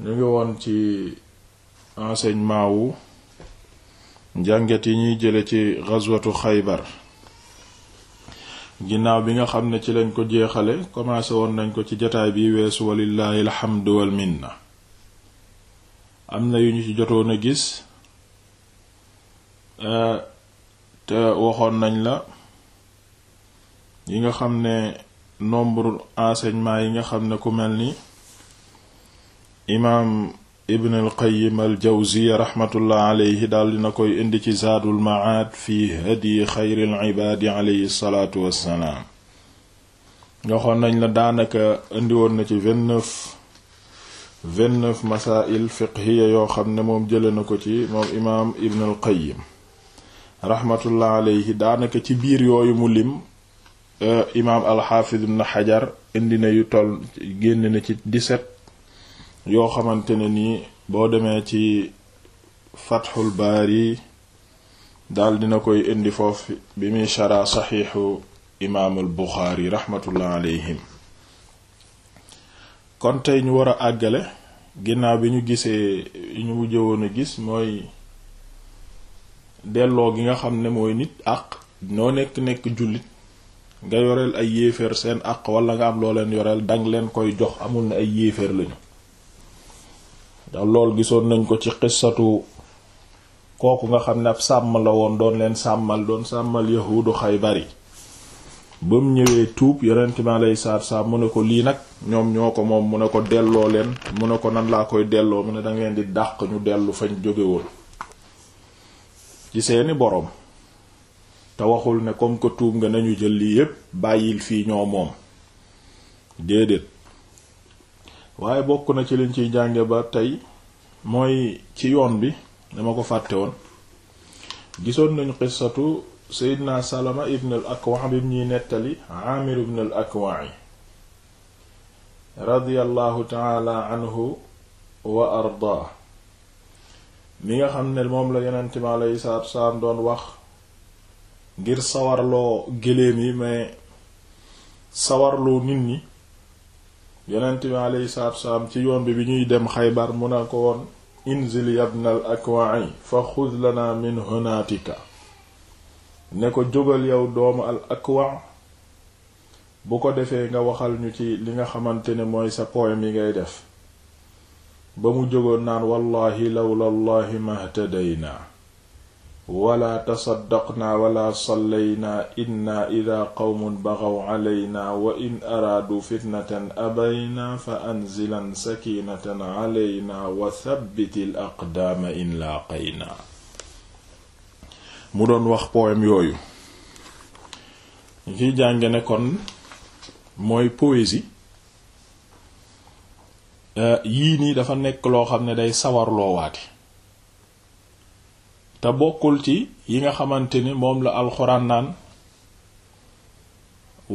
ñu ngi woon ci enseignement wu njànget yi ñuy jële ci ghazwatu Xaybar ginnaaw bi nga xam ne ci lañ ko jeexale commencé woon nañ ko ci jataay bi weesu walillahi alhamdu wal minna am na yu ñu ci jotoon a gis te waxoon nañ la yi nga xam ne nombre enseignement yi nga xam ne ku mel ni imaam ibn alqayim aljawziya raxmatullah aleyhi daal dina koy indi ci zaadul macaad fi hadyi xayril cibaadi aleyhi salaatu wassalaam waxoon nañ la daanaka indi woon na ci vingt-neuf vingt fiqhiya yoo xam ne moom jële na ko ci moom imaam ibn alqayim raxmatullah aleyhi daanaka ci biir yooyu mu lim eh, imaam alxaafid ibn xajar indi na yu toll génn na ci dix yoo xamante ne nii boo demee ci Fathul Baari daal dina koy indi foofu bi muy shara saxiixu imaamul Buxaari raxmatullah alayhim kon tey ñu war a àggale ginnaaw bi ñu gisee ñu mujj woon a gis mooy delloo gi nga xam ne mooy nit àq noo nekk nekk jullit nga yoreel ay yéeféer seen àq wala nga am loo leen yoreel dang leen koy jox amul na ay yéeféer lañu te lool gisoon nañ ko ci xissatu kooku nga xam ne ab sàmm la woon doon leen sàmmal doon sàmmal yahuudu Xaybar yi ba mu ñëwee tuub yonent mi alayhi salaatu salaam mu ne ko lii nag ñoom ñoo ko moom mu ne ko delloo leen mu ne ko nan laa koy delloo mu ne dangeen di dàq ñu dellu fañ jóge woon ci seeni boroom te waxul ne comme que tuub nga nañu jël lii yépp bàyyil fii ñoo moom déedéet waaye bokk na ci ciy jànge ba tey mooy ci yoon bi dama ko fàtte woon gisoon nañu qissatu seydina salama ibn al akwa bi ñuy nettali amir ibn al akwa radiyallahu taala anhu wa ardaa mi nga xam ne moom la yonent mi alayhi salaatu doon wax ngir sawarloo géléem yi mais sawarloo nit ñi yonent mi alayhi salaatu ci yoon bi bi ñuy dem xaybar mu ne ko woon inzil yabna al akwa'i fa xuz lana min hunatika ne ko jógal yow doomu al akwa bu ko defee nga waxal ñu ci li nga xamante ne mooy sa poème yi ngay def ba mu jógoon naan wallahi lawla allahi wala tasaddaqnaa wala sallaynaa inna ida qawmun baxaw calaynaa wa in araaduu fitnatan abaynaa fa anzilan sakiinatan calaynaa wa thabbitil in laaqaynaa mu doon wax poème yooyu ñu ciy jànge ne mooy poésie euh, yii nii dafa nekk loo xam ne day sawarloo waate te bokkul ci yi nga xamante ni moom la alxuraan naan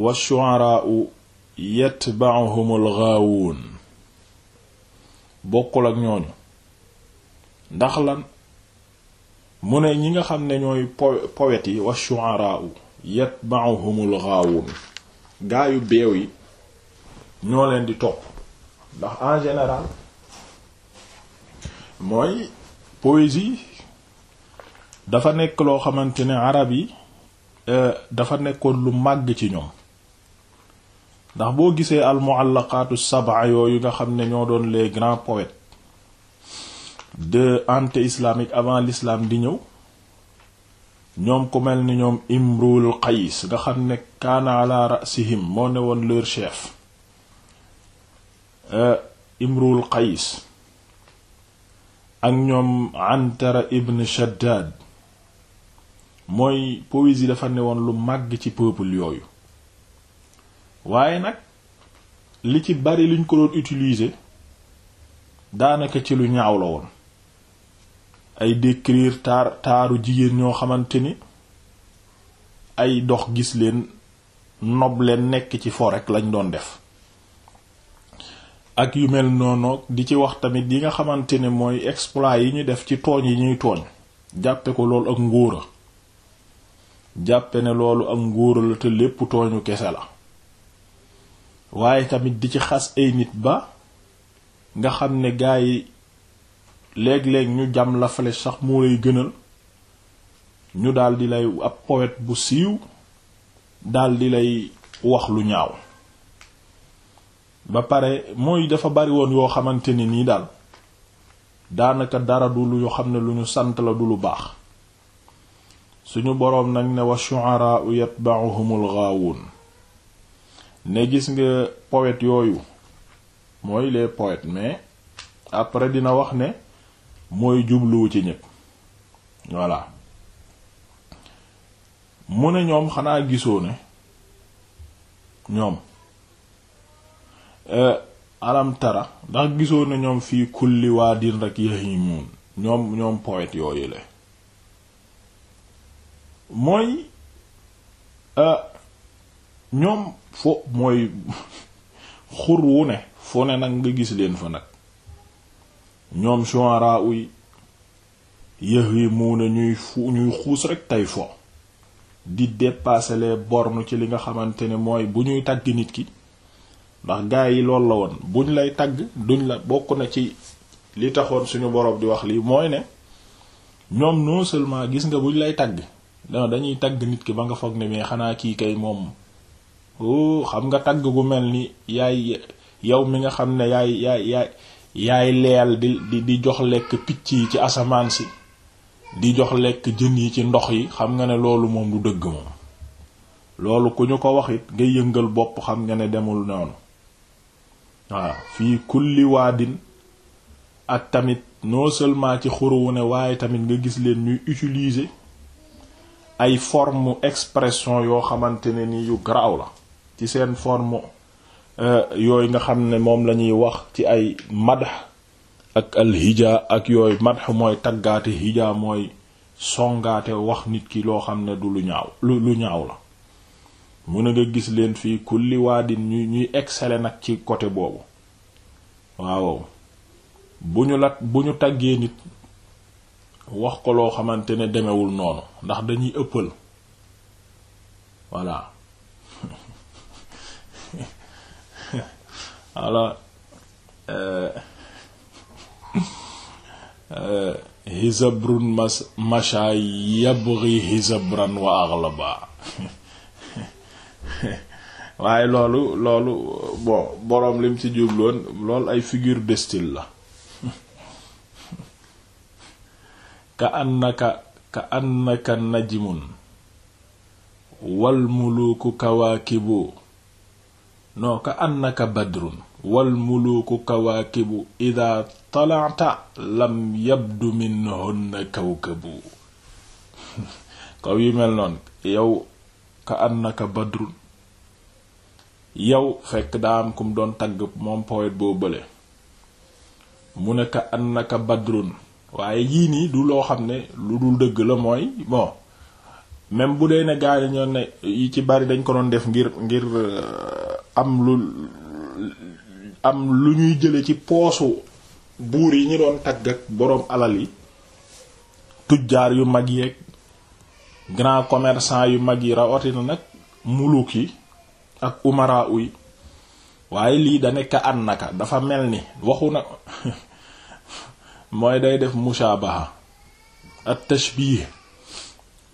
wa shu'araa'u yatba'uhumul ghaawun bokkul ak ñooñu ndax lan mu ne ñi nga xam ne ñooy poètes yi wa shu'araa'u yatba'uhumul ghaawun gaayu beew yi ñoo leen di topp ndax en général mooy poésie dafa nekk loo xamante ne arab yi euh, dafa nekkoon lu màgg ci ñoom ndax boo gisee al muallaqatu sab'a yooyu nga xam ne ñoo doon les grands poètes de anté-islamique avant lislaam di ñëw ñoom ko mel ni ñoom imrul qays nga xam ne kaana ala rasihim moo ne woon leur chef euh, imrul qays ak ñoom antara ibn shaddad mooy poésie dafa ne woon lu màgg ci peuple yooyu waaye nag li ci bari liñ ko doon utiliser daanaka ci lu ñaaw la woon ay décrire taar taaru jigéen ñoo xamante ni ay dox gis leen nob leen nekk ci fo rek lañ doon def ak yu mel noonu di ci wax tamit yi nga xamante ne mooy exploit yi ñu def ci tooñ yi ñuy tooñ jàppe ko loolu ak ngóora jàppe ne loolu ak ngóora la te lépp tooñu kese la waaye tamit di ci xas ay nit ba nga xam ne gaa yi léeg-léeg ñu jam la flèche sax moo lay gënal ñu daldi lay ab poète bu siiw daldi lay wax lu ñaaw ba pare mooy dafa bari woon yoo xamante ni nii daal daanaka dara du lu yoo xam ne lu ñu sant la du lu baax suñu boroom nag ne wa shu'araa'u yatba'uhumul ghaawun ne gis nga poète yooyu mooy les poètes mais après dina wax ne mooy jubluwu ci ñépp voilà mu ne ñoom xanaa gisoo ne ñoom euh, alam tara ndax gisoo ne ñoom fii kulli waadin rek yahimun ñoom ñoom poète yooyu la mooy euh, ñoom fo mooy xur wu ne fo ne nag nga gis leen fa nag ñoom shuara uy yi mu fu ñuy xuus rek tey fo di dépasser les bornes ci li nga xamante ne mooy bu ñuy tagg nit ki ndax gaa yi loolu la woon buñ lay tagg duñ la bokk na ci li taxoon suñu boroom di wax lii mooy ne ñoom non seulement gis nga buñ lay tagg non dañuy tagg nit ki ba nga foog ne mais xanaa kii kay moom o oh, xam nga tagg gu mel ni yaay yow mi nga xam ne yaay yaay yaay di di jox lekk picc yi ci asamaan si di jox lekk jën yi ci ndox yi xam nga ne loolu moom du dëgg moom loolu ku ñu ko waxit it nga yëngal bopp xam nga ne demul noonu waaw fii kulli waadin ak tamit noo seulement ci xuruwu ne waaye tamit nga gis leen ñuy utilise ay forme expression yoo xamante ne ni yu garaaw la ci seen forme euh, yooyu nga xam ne moom lañuy wax ci ay madh ak alhija ak yooyu madh mooy taggaate hija mooy songaate wax nit ki loo xam ne du lu ñaaw lu lu ñaaw la mu ne nga gis leen fii kulli waadin ñu ñuy exceller nag ci côté boobu waaw bu ñu la bu ñu taggee nit wax ko loo xamante ne demewul noonu ndax dañuy ëppal voilà voilà euh, euh, hisabrun mas masha yabghi hisabran wa aghlaba waaye loolu loolu bon boroom lim ci jubloon loolu ay figure de la ka annaka ka annaka najmun wal muluuku kawaakibu non ka annaka badrun wal muluuku kawaakibu ida talanta lam yabdu minhunna kawkabu kaw yu mel noonu yow ka annaka badrun yow fekk daa am kum doon tagg moom poète boo bële mu ne ka annaka badrun waaye yii nii du loo xam ne lu dul dëgg la mooy bon même bu dee ne gars yi ñoon ne yi ci bari dañ ko doon def ngir ngir euh, am lu am lu ñuy jële ci poosu buur yi ñu doon tagg ak boroom alal yi tujjaar yu mag yeeg grand commerçant yu mag yi rawatina nag muluk yi ak umara uy waaye lii da nekk an naka dafa mel ni waxu na mooy day def mushaabaha at tashbiih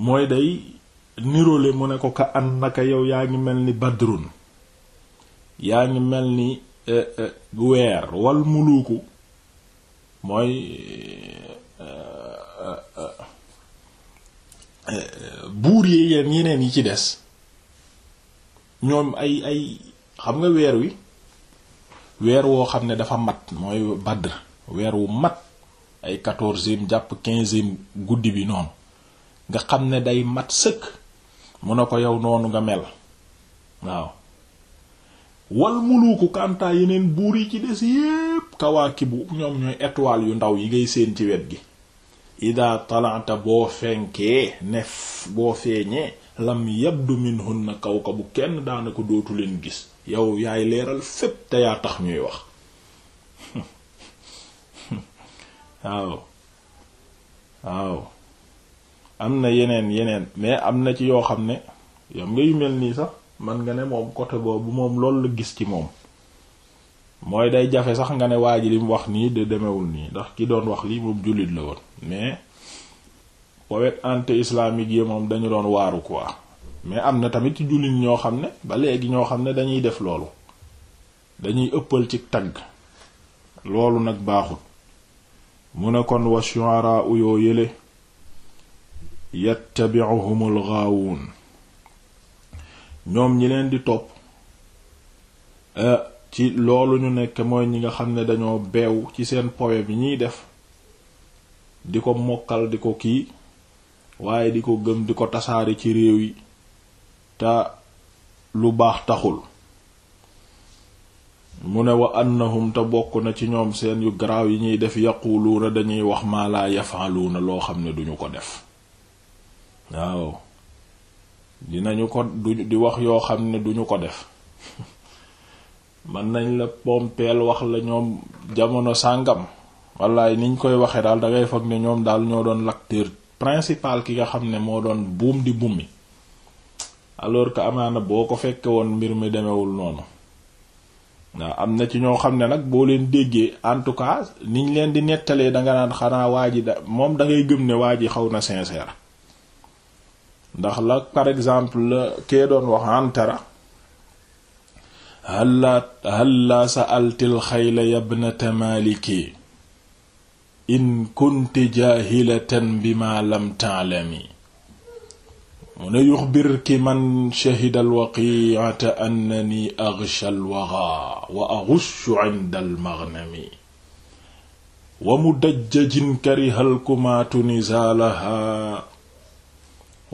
mooy day niroole mu ne ko ka annaka yow yaa ngi mel ni badrun yaa ngi mel ni eh, eh, weer wal muluuku mooy eh, buur yi yeen yeneen yi ci des ñoom ay ay xam nga weer wi weer woo xam ne dafa mat mooy badr weer wu mat ay quatorzième jàpp quinzième guddi bi noonu nga xam ne day mat sëkk mu ne ko yow noonu nga mel waaw wal muluuku kantaa yeneen buur yi ci des yépp kawaakibu ñoom ñooy étoile yu ndaw yi ngay séen ci wet gi ida talanta boo fenkee nef boo feeñee lam kaw ko bu kenn daanaka dootu leen gis yow yaay leeral fépp te yaa tax ñuy wax waaw waaw am na yeneen yeneen mais am na ci yoo xam ne yam nga mel nii sax man nga ne moom côté boobu moom loolu la gis ci moom mooy day jafe sax nga ne waa ji wax nii de demewul nii ndax ki doon wax lii moom jullit la woon mais poète anti-islamique yi moom dañu doon waaru quoi mais am na tamit ci jullit ñoo xam ne ba léegi ñoo xam ne dañuy def loolu dañuy ëppal ci tagg loolu nag baaxul mu ne kon wa shu'araa yoo yële yattabi'uhumul ghaawuun ñoom ñi leen di topp eh, ci loolu ñu nekk mooy ñi nga xam ne dañoo beew ci seen powe bi ñuy def di ko mokkal di ko kii waaye di ko gëm di ko tasaari ci réew yi te lu baax taxul mu ne wa annahum te bokk na ci ñoom seen yu garaaw yi ñuy def yaquluuna dañuy wax maa laa yafaluuna loo xam ne duñu ko def waaw dinañu ko du di wax yoo xam ne duñu ko def mën nañ la pompeel wax la ñoom jamono sàngam wallaay niñ koy waxee daal dangay foog ne ñoom daal ñoo doon l'acteur principal ki nga xam ne moo doon buum di bummi alors que amaana boo ko fekke woon mbir mi demewul noonu waaw am na ci ñoo xam ne nag boo leen déggee en tout cas niñ leen di nettalee danga naan xanaa waa ji da moom dangay gëm ne waa ji xaw na sincère ndax la par exemple la kee doon wax antara halla sa sa'altil xayla yabnata maliki in kunti jahilatan bi lam ta'lami mu ne yuxbir ki man shahida alwaqiata annani aghsha alwaga wa aghushu inda almaghnami wa mudajjajin kariha alkumaatu nizaalaha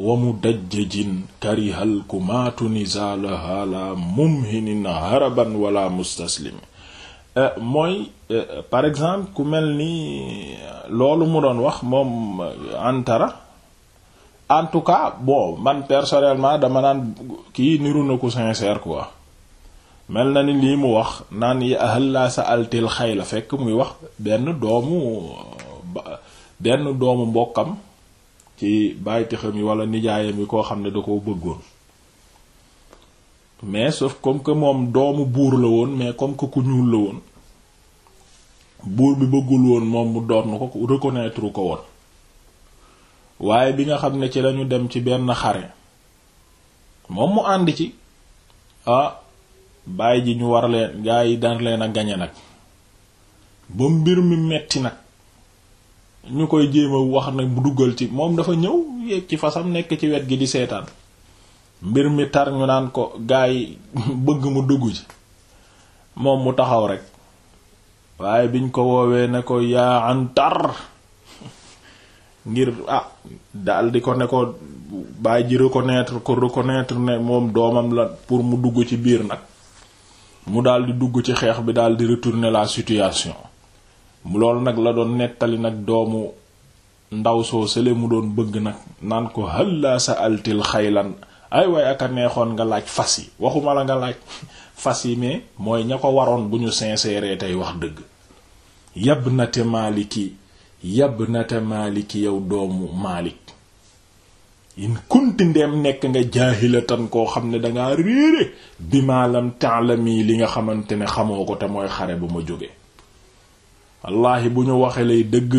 wa mudajjajin kariha alkumaatu nizaalaha la mumhinin haraban wala mustaslim eh, mooy eh, par exemple ku mel ni eh, loolu mu doon wax moom antara en tout cas bo man personnellement dama naan kii niru na ko sincère quoi mel na ni lii mu wax naan yi ahal laa sa altel xay la fekk muy wax benn doomu benn doomu mbokkam ci bàyyitixam yi wala nijaayam yi koo xam ne da ko bëggoon mais sauf comme que moom doomu buur la woon mais comme que ku ñuul la woon buur bi bëggul woon moom mu doon ko reconnaître ko woon waaye bi nga xam ne ci lañu dem ci benn xare moom mu ànd ci ah bàyyi ji ñu war leen gaa yi daan leen a gañe nag ba mbir mi metti nag ñu koy jéema wax nag bu duggal ci moom dafa ñëw yéeg ci fasam nekk ci wet gi di seetaan mbir mi tar ñu naan ko gaa yi bëgg mu dugg ci moom mu taxaw rekk waaye biñ ko woowee ne ko yaa tar ngir ah daal di ko ne ko bàyyi ji reconnaître ko reconnaître ne moom doomam la pour mu dugg ci biir nag mu daldi dugg ci xeex bi daal di retourner la situation loolu nag la doon nettali nag doomu ndaw soo sële mu doon bëgg nag naan ko halla sa altil xaylan ay waay aka neexoon nga laaj fas yi waxuma la nga laaj fas yi mais mooy ña ko waroon bu ñu sincère tey wax dëgg yabnate maliki yabnata maalik yow doomu maalik in kunti ndeem nekk nga jaahilatan koo xam ne dangaa réere bi maalam taalami li nga xamante ne xamoo ko te mooy xare bu ma jóge wallaahi bu ñu waxee lay dëgg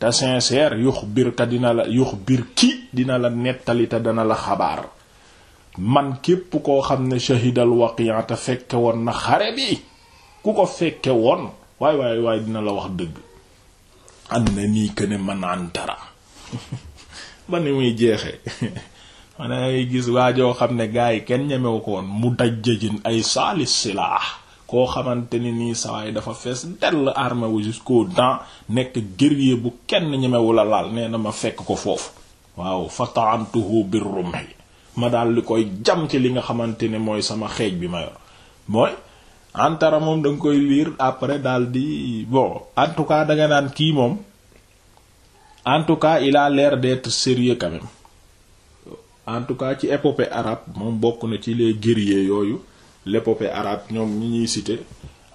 te sincère yux bir ka dina la yux ki dina la nettali te dana la xabaar man képp koo xam ne shahidal waqi'ata fekke woon na xare bi ku ko fekke woon waay waay waay dina la wax dëgg ànd na nii que ne man antara ba ni muy jeexee man ay gis waajoo xam ne gaa yi kenn ñemewu ko woon mu dajjajin ay saalis silah koo xamante ni nii sawaay dafa fees dell armé wu jusqu'aux dents nekk guerrier bu kenn ñemewu la laal nee na ma fekk ko foofu waaw fataantuhu bir rumhi ma daal li koy jam ci li nga xamante ne mooy sama xeej bi ma yor mooy antara moom da nga koy lire après daal di bo en tout cas da nga naan kii moom en tout cas il a l'air d'être sérieux quand même en tout cas ci épopée arabe moom bokk na ci les guerriers yooyu l'épopée arabe ñoom ñu ñuy citer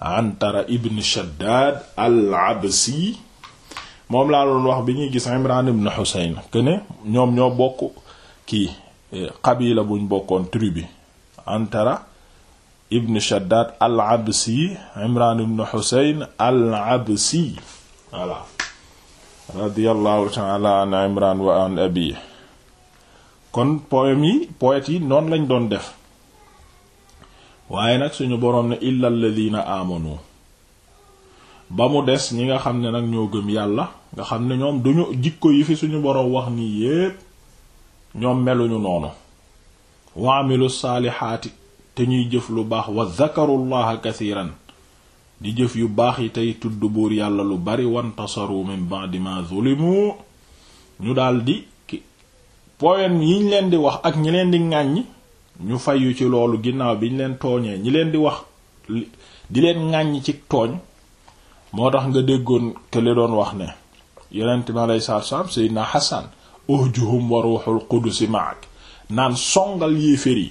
antara ibn shaddad al absi moom laa doon wax bi ñuy gis imran ibn husayn que ne ñoom ñoo bokk kii eh, qabila buñ bokkoon tribu bi antara ibn Shaddad al-Absi Imran ibn Husayn al-Absi voilà radiyallahu ta'ala an Imran wa an abi kon poème yi noon yi lañ doon def waaye nag suñu boroom ne illa alladhina amanu ba mu des ñi nga xam ne nag ñoo gëm yàlla nga xam ne ñoom duñu jikko yi fi suñu boroom wax nii yépp ñoom meluñu noonu wa amilu te ñuy jëf lu baax wa zakarullaha kasiiran di jëf yu baax yi tey tudd buur yàlla lu bari wantasaru min ba'di ma zulimu ñu daldi poème yiñ leen di wax ak ñi leen di ŋàññ ñu fayu ci loolu ginnaaw bi ñu leen tooñee ñi leen di wax di leen ŋàññ ci tooñ moo tax nga déggoon te li doon wax ne yonent mi aleyhi salaatu salaam Seydina Hassan uhjuhum wa ruuxul qudusi ma'ak naan songal yéeféer yi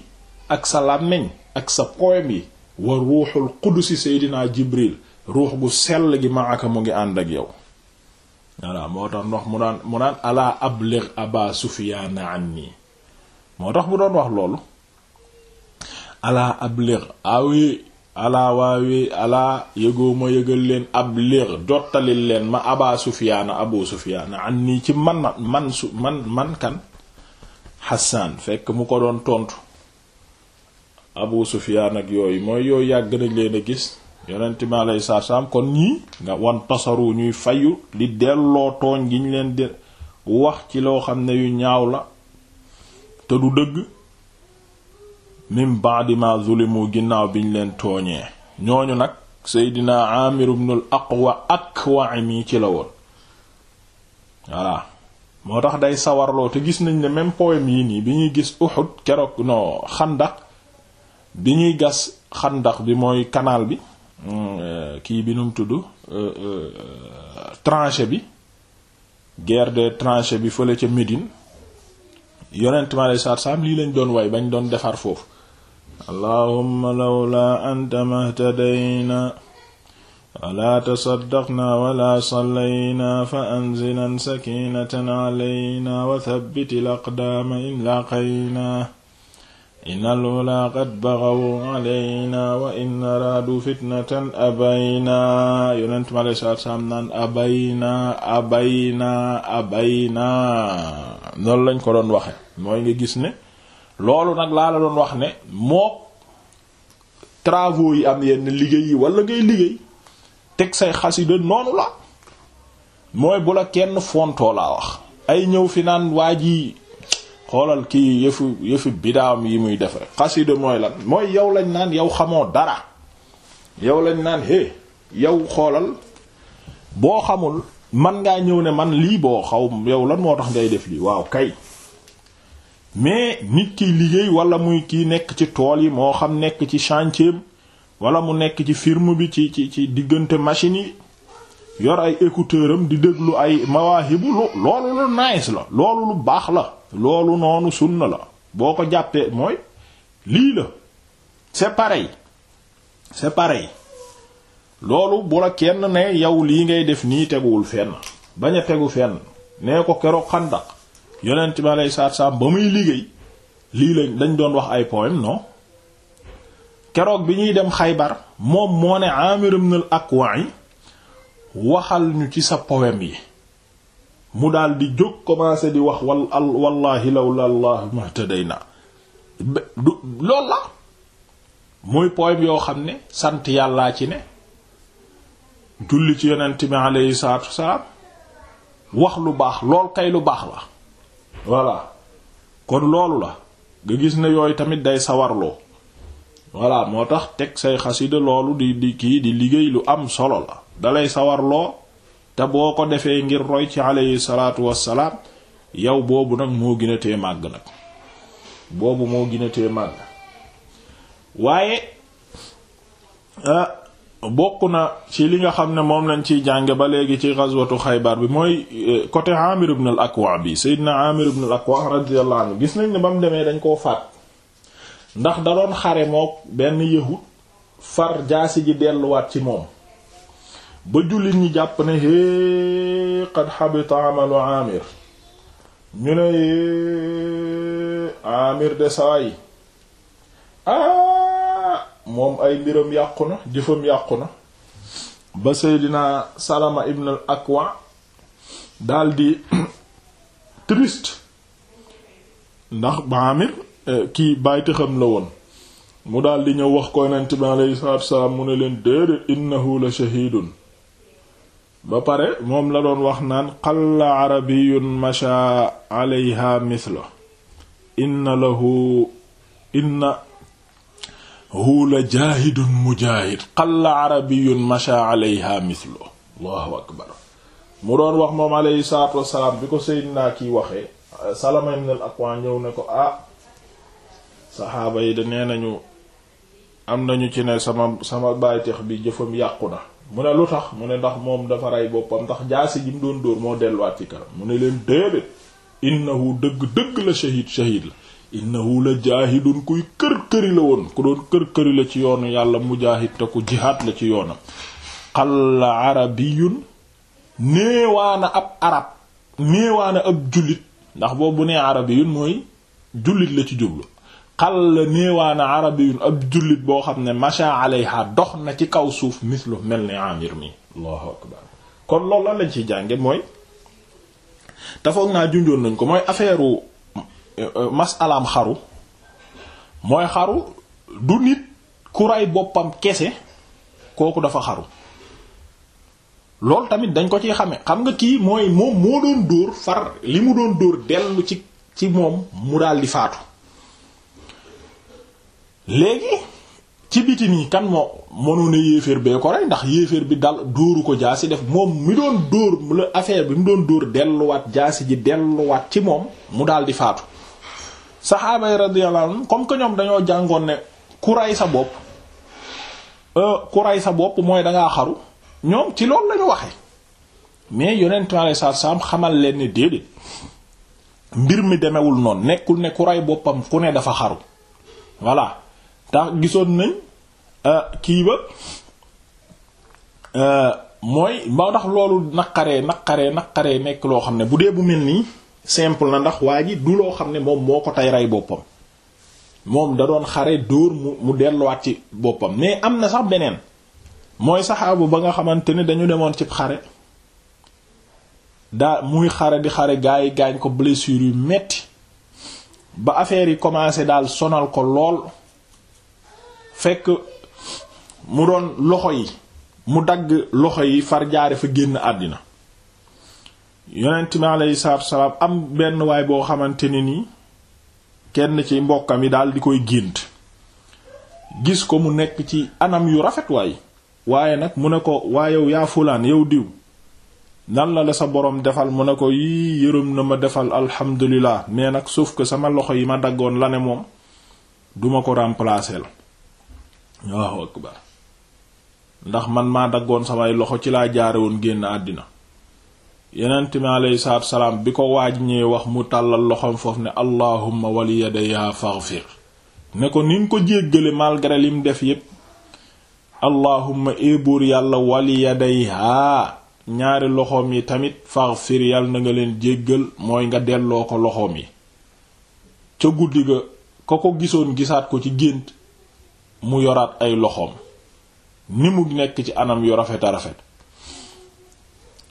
ak sa làmmiñ ak sa poème yi wa ruuxul qudusi seydinaa jibril ruux gu sell gi maaka mu ngi ànd ak yow voilà moo tax ndox mu naan mu naan ala abligh aba sufiana awi ala waawi ala yëgoo ma yëgal leen abligh jottalil leen ma aba sufiana abu sufiana anni ci man man su man man kan xasaan fekk mu ko doon tontu Abu Sufyaan nag yooyu mooy yooyu yàgg nañ leen a gis yonent mi alayhi kon ñii nga wan tasaru ñuy fayu li delloo tooñ gi ñu leen di wax ci loo xam ne yu ñaaw la te du dëgg min ba'di ma zulimu ginnaaw bi ñu leen tooñee ñooñu nag Seydina Amir ibn al-Aqwa Akwa mi ci la woon voilà moo tax day sawarloo te gis nañ ne même poème yi nii bi ñuy gis Uhud keroog no Xandaq bi ñuy gas xandax bi mooy kanaal bi mm, euh, kii bi num tudd euh, euh, tranchée bi guerre de tranchée bi fële ca Médine yonent ma lay saat saam lii lañ doon way bañ doon defar foofu allahumma lawla anta mahtadayna wala tasaddaqna wala sallayna fa anzilan sakinatan alayna wa thabbit al inna al-ulaa qad baxaw alaynaa wa in araadu fitnatan abaynaa yonent mi alayhi salaatu salaam naan abaynaa abaynaa abaynaa noonu lañ ko doon waxe mooy nga gis ne loolu nag laa la doon wax ne mook travaux yi am yenn liggéey yi wala ngay liggéey teg say xasida noonu la mooy bu la kenn fontoo laa wax ay ñëw fi naan waa ji xoolal kii yëfu yëfu bidaawam yi muy def rek xasida mooy lan mooy yow lañ naan yow xamoo dara yow lañ naan hé yow xoolal boo xamul man ngaa ñëw ne man lii boo xaw yow lan moo tax ngay def lii waaw kay mais nit kiy liggéey wala muy kii nekk ci tool yi moo xam nekk ci chantier walla mu nekk ci firme bi ci ci ci diggante machine yi yor ay écouteur am di déglu ay mawaahibu lu loolu lu nice la loolu lu baax la loolu noonu sunna la boo ko jàppee mooy lii la c'est pareil c'est pareil loolu bu la kenn ne yow lii ngay def nii teguwul fenn bañ a tegu fenn nee ko keroog xandak yonent bi aleyhi salaatu salaam ba muy liggéey lii lañ dañ doon wax ay poème noo keroog bi ñuy dem xaybar moom moo ne Aamir ibn al-Akwa waxal ñu ci sa powem yi mu daal di jóg commencé di wax wal al la lawla allah mahtadayna du loolu la muy poème yoo xam ne sant yàllaa ci ne julli ci yonent bi aleyhi salaatu wasalaam wax lu baax lool kay lu baax la voilà kon loolu la nga gis ne yooyu tamit day sawarloo voilà moo tax teg say xasida loolu di di kii di liggéey lu am solo la dalay sawarloo te boo ko defee ngir roy ci aleyhi salaatu wassalaam yow boobu nag moo gën a tee màgg nag boobu moo gën màgg waaye ah, bokk na ci li nga xam ne moom lañ ciy jànge ba léegi ci ghazwatu xaybar bi mooy eh, côté amir ibn al akwa bi sayyidina amir ibn al akwa radiyallahu anhu gis nañ ne ba mu demee dañ koo faat ndax da doon xare mook benn yahud far jaasi ji delluwaat ci moom ba jullit ñi jàpp ne hé qad xabita amalu amir ñu ne hé amir de saway ah moom ay mbiram yàqu na jëfam yàqu na ba seydina salama ibn al akwa daldi triste ndax amir eh, kii bàyyi xam la woon mu di ñëw wax ko yonent bi alayhi salaatu wa salaam mu ne leen déedéet innahu la shahidun ba pare moom la doon wax naan qalla arabiyun masha alayha mithla inna lahu inna hu la jaahidun mujaahid qalla arabiyun masha alayha mithla allahu doon wax moom alayhi salaatu wassalaam bi ko kiy waxee Salama ñëw ne ko ah saxaaba yi de nee nañu am nañu ci ne sama sama bàyteex bi jëfam yàqu na mu ne lu tax mu ne ndax moom dafa ray boppam ndax jaasi ji mu doon dóor moo delluwaat ci kanam mu ne leen déedéet innahu dëgg-dëgg la shahid shahid la innahu la jaahidun kuy kër-këri la woon ku doon kër-këri la ci yoonu yàlla mujaahid te ku jihaad la ci yoonam la arabiyun néewaana ab arab néewaana ab jullit ndax boobu bu nee arabiyun mooy jullit la ci jublu xal néewaana arabiyun ab jullit boo xam ne masha alayha dox na ci kaw suuf mislo mel ni amir mi allahu akbar kon loolu lan lañ ciy jànge mooy tafoog naa junjoon nañ ko mooy affaire euh, euh, masalaam xaru mooy xaru du nit ku boppam kese kooku dafa xaru loolu tamit dañ ko ci xame xam nga kii mooy moom moo doon dóor far li mu doon dóor dellu ci ci moom mu daal di faatu léegi ci biti nii kan moo mënoon yéeféer bee ko rey ndax yéeféer bi dal dóoru ko jaasi def moom mi doon dóor mu la affaire bi mu doon dóor delluwaat jaasi ji delluwaat ci moom mu daal di faatu saxaaba yi radiyallahu anhum comme que ñoom dañoo jàngoon ne ku sa bopp euh, ku rey sa bopp mooy dangaa xaru ñoom ci loolu lañu waxe mais yonent mi alayhi salaatu salaam xamal leen ne déedéet mbir mi demewul noonu nekkul ne kuraay boppam ku ne dafa xaru voilà tax gisoon nañ euh, kii ba euh, mooy ba tax loolu naqaree naqaree naqaree nekk loo xam ne bu dee bu mel nii simple na ndax waa ji du loo xam ne moom moo ko tey rey boppam moom da doon xare dóor mu mu delluwaat ci boppam mais am na sax beneen mooy saxaabu ba nga xamante ni dañu demoon cib xare daa muy xare di xare gaa yi gaañ ko blessure yu metti ba affaire yi commencé daal sonal ko lool fekk mu doon loxo yi mu dagg loxo yi far jaare fa génn àddina yonent mi aleyhi salaatu salaam am benn waay boo xamante ne nii kenn ci mbokkam yi daal di koy gént gis ko mu nekk ci anam yu rafet waay waaye nag mu ne ko waaye yow yaa fulaan yow diw nan la la sa borom defal mu ne ko yii yërëm na ma defal alhamdulilah mais nag suuf ko sama loxo yi ma daggoon la ne moom duma ko remplacer la waaw ndax man maa daggoon samay loxo ci laa jaare woon génn àddina yenent mi aleyhi salaam bi ko waaj ñee wax mu tàllal loxoom foofu ne allahumma waliyadaya faghfir ne ko ni nga ko jéggale malgré lim def yépp allahumma ebuur eh yàlla waliyadayha ñaari loxoom yi tamit faghfir yàlla nga leen jéggal mooy nga delloo ko loxoom yi ca guddi ga ko ko gisoon gisaat ko ci gént mu yoraat ay loxoom ni mu nekk ci anam yu rafet a rafet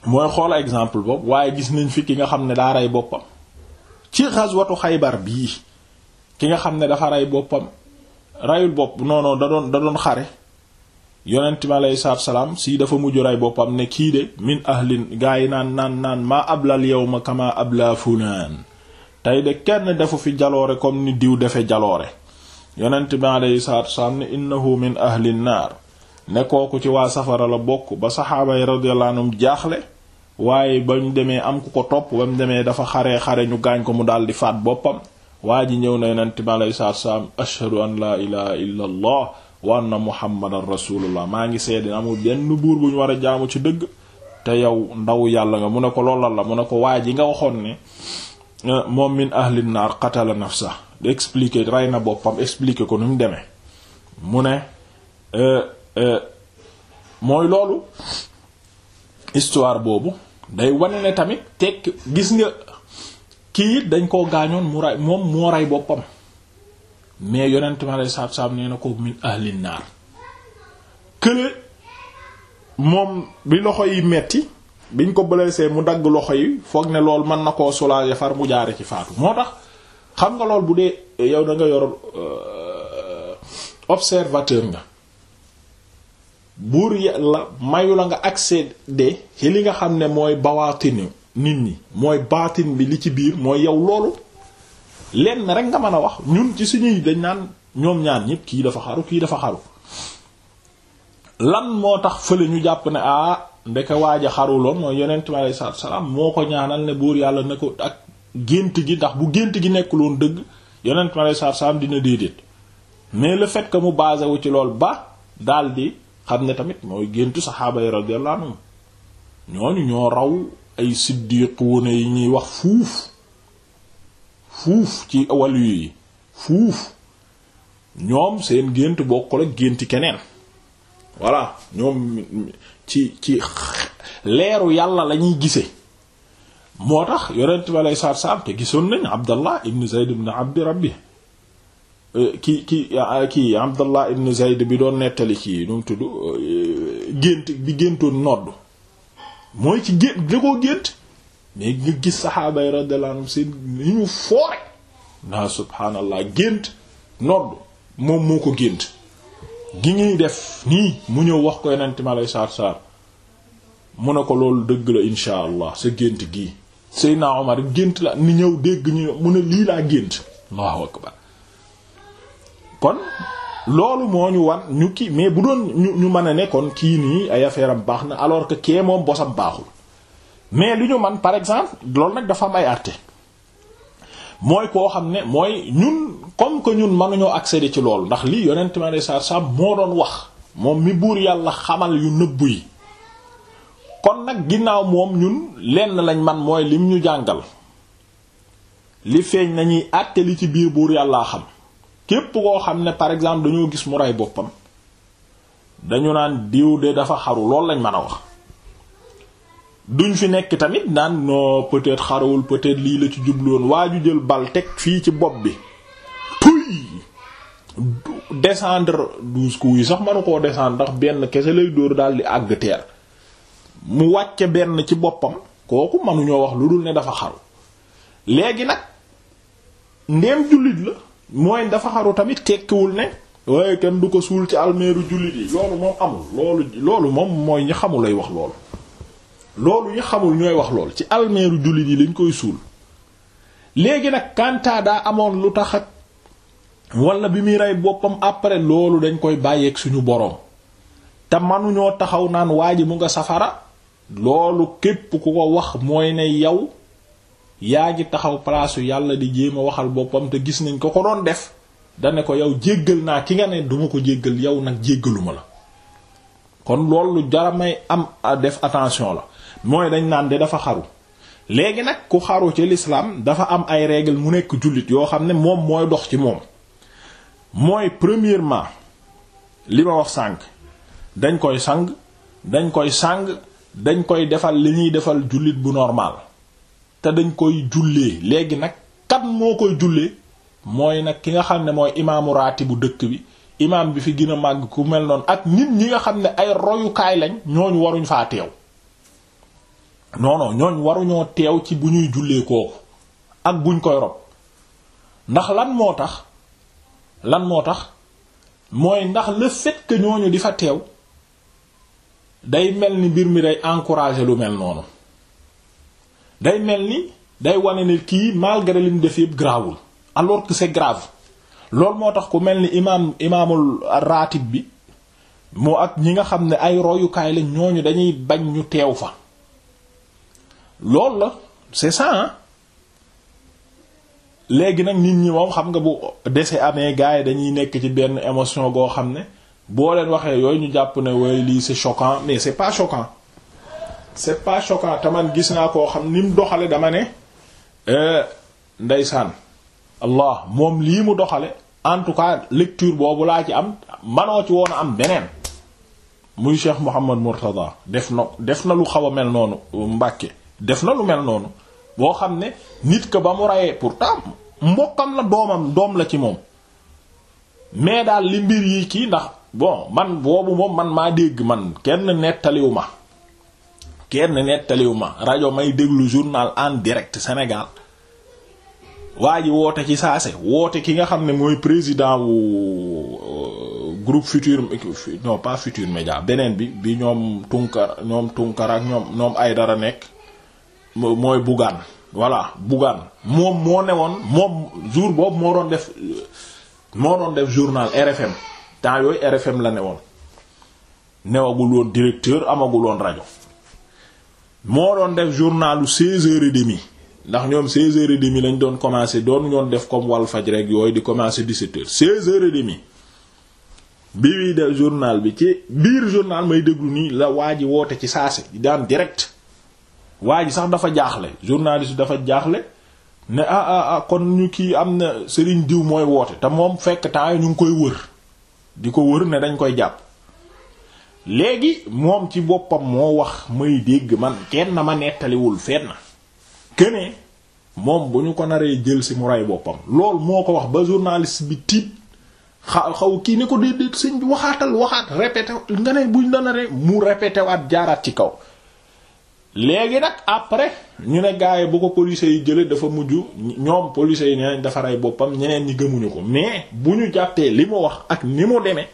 mooy xoola exemple boobu waaye gis nañ fi ki nga xam ne daa rey boppam ci xaswatu xaybar bii ki nga xam ne dafa rey boppam reyul bopp noonu da doon da xare yonent mi aleyhi salaam si dafa mujj rey boppam ne kii de min ahlin gaa yi naan naan naan maa ma yawma kama abla fulaan tey de kenn defu fi jaloore comme ni diw defe jaloore yonent bi aleyhi salaatu wasalaam ne innahu min ahli naar ne kooku ci waa safara la bokk ba saxaaba yi radiyallahu anhum jaaxle waaye ba ñu demee am ku ko topp ba mu demee dafa xare xare ñu gaañ ko mu daal di faat boppam waa ji ñëw na yonent bi sa salaatu wasalaam ashhadu an laa ilaha illa allah wa anna muhammadan rasulullah maa ngi seede amul benn buur bu ñu war a jaamu ci dëgg te yow ndaw yàlla nga mu ne ko loolal la mu ne ko waa ji nga waxoon ne moom min ahli naar qatala nafsa expliquer ray na boppam expliquer ko nu mu demee mu ne euh, euh, mooy loolu histoire boobu day wane ne tamit tekk gis nga kii it dañ koo gaañoon mu rey moom moo rey boppam mais yonent ma lay saab saab nee na ko min ahlin naar kële moom bi loxo yi metti biñ ko blessé mu dagg loxo yi foog ne loolu mën na koo soulager far mu jaare ci faatu moo tax xam nga loolu bu dee eh, yow da nga yor euh, observateur nga buur yàlla mayu la nga ak accéder ci li nga xam ne mooy bawaatinu nit ñi mooy baatin bi li ci biir mooy yow loolu lenn rek nga mën a wax ñun ci suñuy dañ naan ñoom ñaan ñëpp kii dafa xaru kii dafa xaru lan moo tax fële ñu jàpp ne ah ndeke waaj a xaruloon mooy yonent bi alayhi salaatu wa salaam moo ko ñaanal ne buur yàlla ne ko ak gént gi ndax bu gént gi nekkul woon dëgg yonent ma lay saar saam dina déedéet mais le fait mu basé ci lool ba daldi xam ne tamit mooy gént saxaaba yi radiyallahu anhum ñooñu ñoo raw ay siddiquuna yi ñuy wax fuuf fuuf ci wàllu yi fuuf ñoom seen gént bokkul ak génti keneen voilà ñoom ci ci leeru yàlla lañuy gise moo tax yonent bi aleyhi salaatu salaam te gisoon nañ Abdallah ibn Zayd ibn Abdi Rabbi euh, ki ki euh, ki Abdallah ibn Zayd bi doon nettali ci nu mu tudd euh, gént bi géntoon nodd mooy ci gént da koo gis saxaaba gént nodd moom moo ko gént gi ñuy def nii mu ñëw wax ko yonent ma aleyhi salaatu salaam mu ne ko loolu dëgg la insha allah sa gént gii Seydina Omar gént la ni ñëw dégg ñu mu a lii laa gént Allahu akbar kon loolu moo ñu wan ñu kii mais bu doon ñu ñu mën a nekkoon kii nii ay affaire am baax na alors que kee moom bosam baaxul mais lu ñu man par exemple loolu nag dafa am ay àtte mooy koo xam ne mooy ñun comme que ñun mënuñoo accéder ci loolu ndax lii yonent ma ne saa saa moo doon wax moom mi buur yàlla xamal yu nëbbu yi kon nag ginnaaw moom ñun lenn lañ man mooy lim ñu jàngal li feeñ nañuy àtte li ci biir buur yàllaa xam képp koo xam ne par exemple dañoo gis mu rey boppam dañu naan diw de dafa xaru loolu lañ mën a wax duñ fi nekk tamit naan non peut xarawul peut-être lii la ci jubloon waa ju jël bal teg fii ci bopp bi tuy descendre douze coups yi sax mënu koo descendre ndax benn kese lay dóor daal di àgg teer mu wàcce benn ci boppam kooku mënuñoo wax lu dul ne dafa xaru léegi nag ndéem jullit la mooy dafa xaru tamit tekkiwul ne waaye kenn du ko suul ci almeeru jullit yi moom mooy ñi xamul wax loolu loolu ñi xamul ñooy wax lool ci almeeru jullit yi lañ koy suul léegi nag kantaa daa amoon lu tax ak wala bi muy rey boppam après loolu dañ koy bàyyeeg suñu boroom te manuñoo taxaw naan waa ji mu nga safara loolu képp ku ko wax mooy ne yow yaa ngi taxaw palaasu yàlla di jéem a waxal boppam te gis nañ ko ko doon def dane ko yow jéggal naa ki nga ne duma ko jéggal yow nag jéggaluma la kon loolu jara may am def attention la mooy dañ naan de dafa xaru léegi nag ku xaru ci lislaam dafa am ay règles mu nekk jullit yoo xam ne moom mooy dox ci moom mooy premièrement li ma wax sàng dañ koy sang dañ koy sàng dañ koy defal li ñuy defal jullit bu normal te dañ koy jullee léegi nag kat moo koy jullee mooy nag ki nga xam ne mooy imaamu raati bu dëkk bi imaam bi fi gën a màgg ku mel noonu ak nit ñi nga xam ne ay royukaay lañ ñooñu waruñ faa teew non non waruñoo teew ci bu ñuy jullee kooku ak buñ koy rob ndax lan moo tax lan moo tax mooy ndax le fait que ñooñu di fa teew day mel ni mbir mi day encourager lu mel noonu day mel ni day wane ne kii malgré li mu def yëpp grawul alors que c'est grave loolu moo tax ku mel ni imaam imaamul raatib bi moo ak ñi nga xam ne ay royukaay la ñooñu dañuy bañ ñu teew fa loolu la c'est ça léegi nag nit ñi moom xam nga bu dese amee gars yi dañuy nekk ci benn émotion goo xam ne boo leen waxee yooyu ñu jàpp ne way lii c'est choquant mais c'est pas choquant c'est pas choquant taman gis naa koo xam ni mu doxale dama ne euh, ndeysaan allah moom lii mu doxale en tout cas lecture boobu laa ci am manoo ci woon a am beneen muy Cheikh Mouhamad Mourtada def na def na lu xaw a mel noonu Mbàkke def na lu mel noonu boo xam ne nit ko ba mu rayee pourtant mbokkam la doomam doom la ci moom mais daal li mbir yi kii ndax bon man boobu moom man maa dégg man kenn nettaliwu ma kenn nettaliwu ma rajo may déglu journal en direct Sénégal waa ji woote ci saase woote ki nga xam ne mooy président wu euh, groupe Futur non pas Futur Média beneen bi bi ñoom Tunkar ñoom Tunkar ak ñoom ñoom ay dara nekk mooy Bougane voilà Bougane moom moo newoon moom jour boobu moo doon def moo doon def journal RFM temps yooyu RFM la ne woon newagul woon directeur amagul woon rajo moo doon def journalu 16 heures et demie ndax ñoom 16 heures et demie lañ doon commencer doon ñoon def comme Walf faj rek yooyu di commencer 17 heures 16 heures et demie bi bii def journal bi ci biir journal may déglu nii la waa ji woote ci saase daan direct waa ji sax dafa jaaxle journaliste dafa jaaxle ne ah ah ah kon ñu kii am na Serigne Diw mooy woote te moom fekk temps ñu ngi koy wër. di ko wër ne dañ koy jàpp léegi moom ci boppam moo wax may dégg man kenn ma nettaliwul feet na këne moom bu ñu ko naree jël si mu rey boppam lool moo ko wax ba journaliste bi tiit xaw xaw kii ni ko déedéet sëñ bi waxaatal waxaat répété nga ne buñ la naree mu répété waat jaaraat ci kaw léegi nag après ñu ne gars yi bu ko police yi jële dafa mujj ñoom police yi nee nañ dafa rey boppam ñeneen ñi gëmuñu ko mais bu ñu jàttee li mu wax ak ni mu demee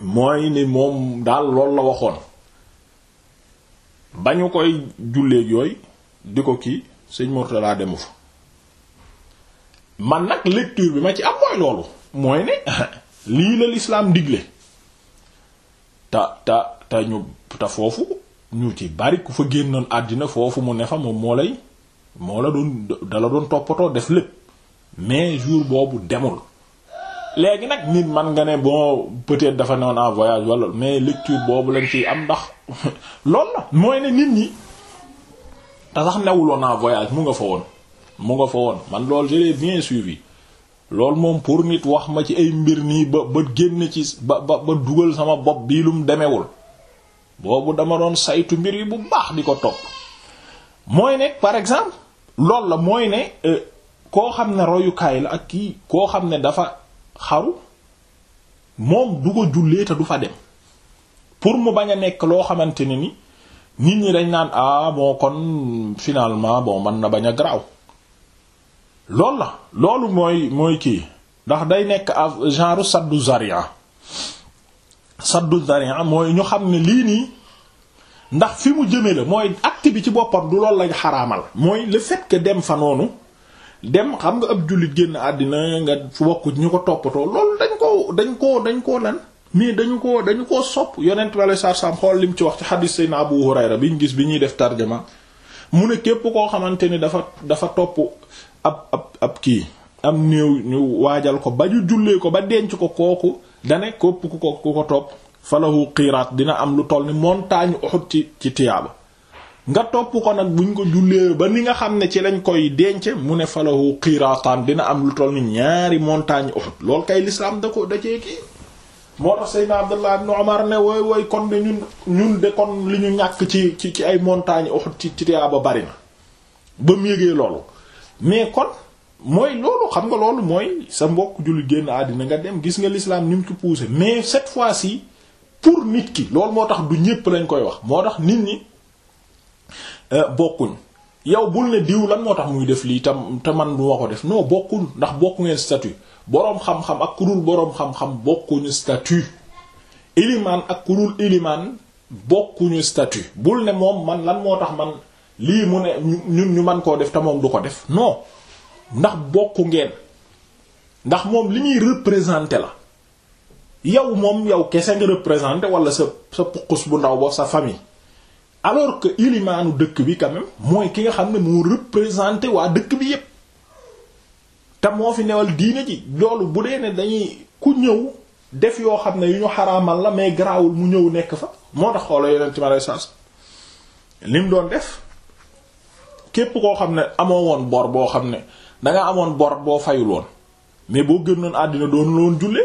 mooy ni moom daal loolu la waxoon ba ñu koy julleeg yooyu di ko kii sëñ Mourtala demu fa man nag lecture bi ma ci am mooy loolu mooy ne lii la l'islam digle te ta ta ñu ta foofu ñu ci bari ku fa génnoon àddina foofu mu ne fa moom moo lay moo la doon dala doon toppatoo def lépp mais jour boobu demul léegi nag nit man nga ne bon peut-être dafa newoon en voyage wala mais lecture boobu lañ ciy am ndax lool la mooy ne nit ñi te sax newuloon en mu nga fa woon mu nga fa woon man loolu je l'ai bien suivi loolu moom pour nit wax ma ci ay mbir nii ba ba génn ci ba ba ba dugal sama bopp bii lum demewul boobu dama doon saytu mbir yi bu baax di ko topp mooy ne par exemple loolu la mooy ne euh, koo xam ne royukaay la ak kii koo xam ne dafa xaru moom du ko jullee te du fa dem pour mu bañ a nekk loo xamante ne ni nit ñi dañ naan ah bon kon finalement bon mën na bañ a garaaw loolu la loolu mooy mooy kii ndax day nekk genre saddu zaria saddu zari'a mooy ñu xam ne lii nii ndax fi mu jëme la mooy acte bi ci boppam du loolu lañ xaraamal mooy le fait dem fa noonu dem xam nga ab jullit génn àddina nga fu bokk ñu ko toppatoo loolu dañ ko dañ ko dañ ko lan mais dañu ko dañu ko sopp yonent bi alei satu salaam xool lim ci wax ci xadis sayna Abu Hurayra biñ gis bi ñuy def tarjama mu ne képp koo xamante ni dafa dafa topp ab ab ab kii am néew ñu waajal ko ba ñu jullee ko ba denc ko kooku dane kopp ko ku ko topp falahu xiiraat dina am lu toll ni montagne Uhud ci ci tiyaaba nga topp ko nag buñ ko jullee ba ni nga xam ne ci lañ koy dence mu ne falahu xiiraataan dina am lu toll ni ñaari montagne Uhud loolu kay lislaam da ko da cee moo tax Seydina Abdullah ibn Umar ne woy woy kon de ñun ñun de kon li ñu ñàkk ci ci ci ay montagne Uhud ci tiyaaba bari na ba mu yëgee loolu mais kon mooy loolu xam nga loolu mooy sa mbokk jullit génn àddina nga dem gis nga l'islam ni mu ci poussé mais cette fois si pour nit ki loolu moo tax du ñépp lañ koy wax moo tax nit ñi euh, bokkuñ yow bul ne diw lan moo tax muy def lii tam te man duma def non bokkul ndax bokku ngeen statut boroom xam ak kurul boroom xam-xam bokkuñu statut ak kurul ilimaan bokkuñu statut bul ne moom man lan moo tax man lii mu ne ñun ñu mën koo def te moom du ko def non ndax bokku ngeen ndax moom li ñuy représenter la yow moom yow kese nga représenter wala sa sa pukus bu ndaw boo sa famille alors que ilimaanu dëkk bi quand même mooy ki nga xam ne moo représenter waa dëkk bi yépp te moo fi newal diine ji doolu bu dee ne dañuy ku ñëw def yoo xam ne yu ñu xaraamal la mais garaawul mu ñëw nekk fa moo tax xoola yeneen ci ma lim doon def képp koo xam ne amoo woon bor boo xam ne danga amoon bor boo fayuloon mais boo génnoon àddina doonu loon julle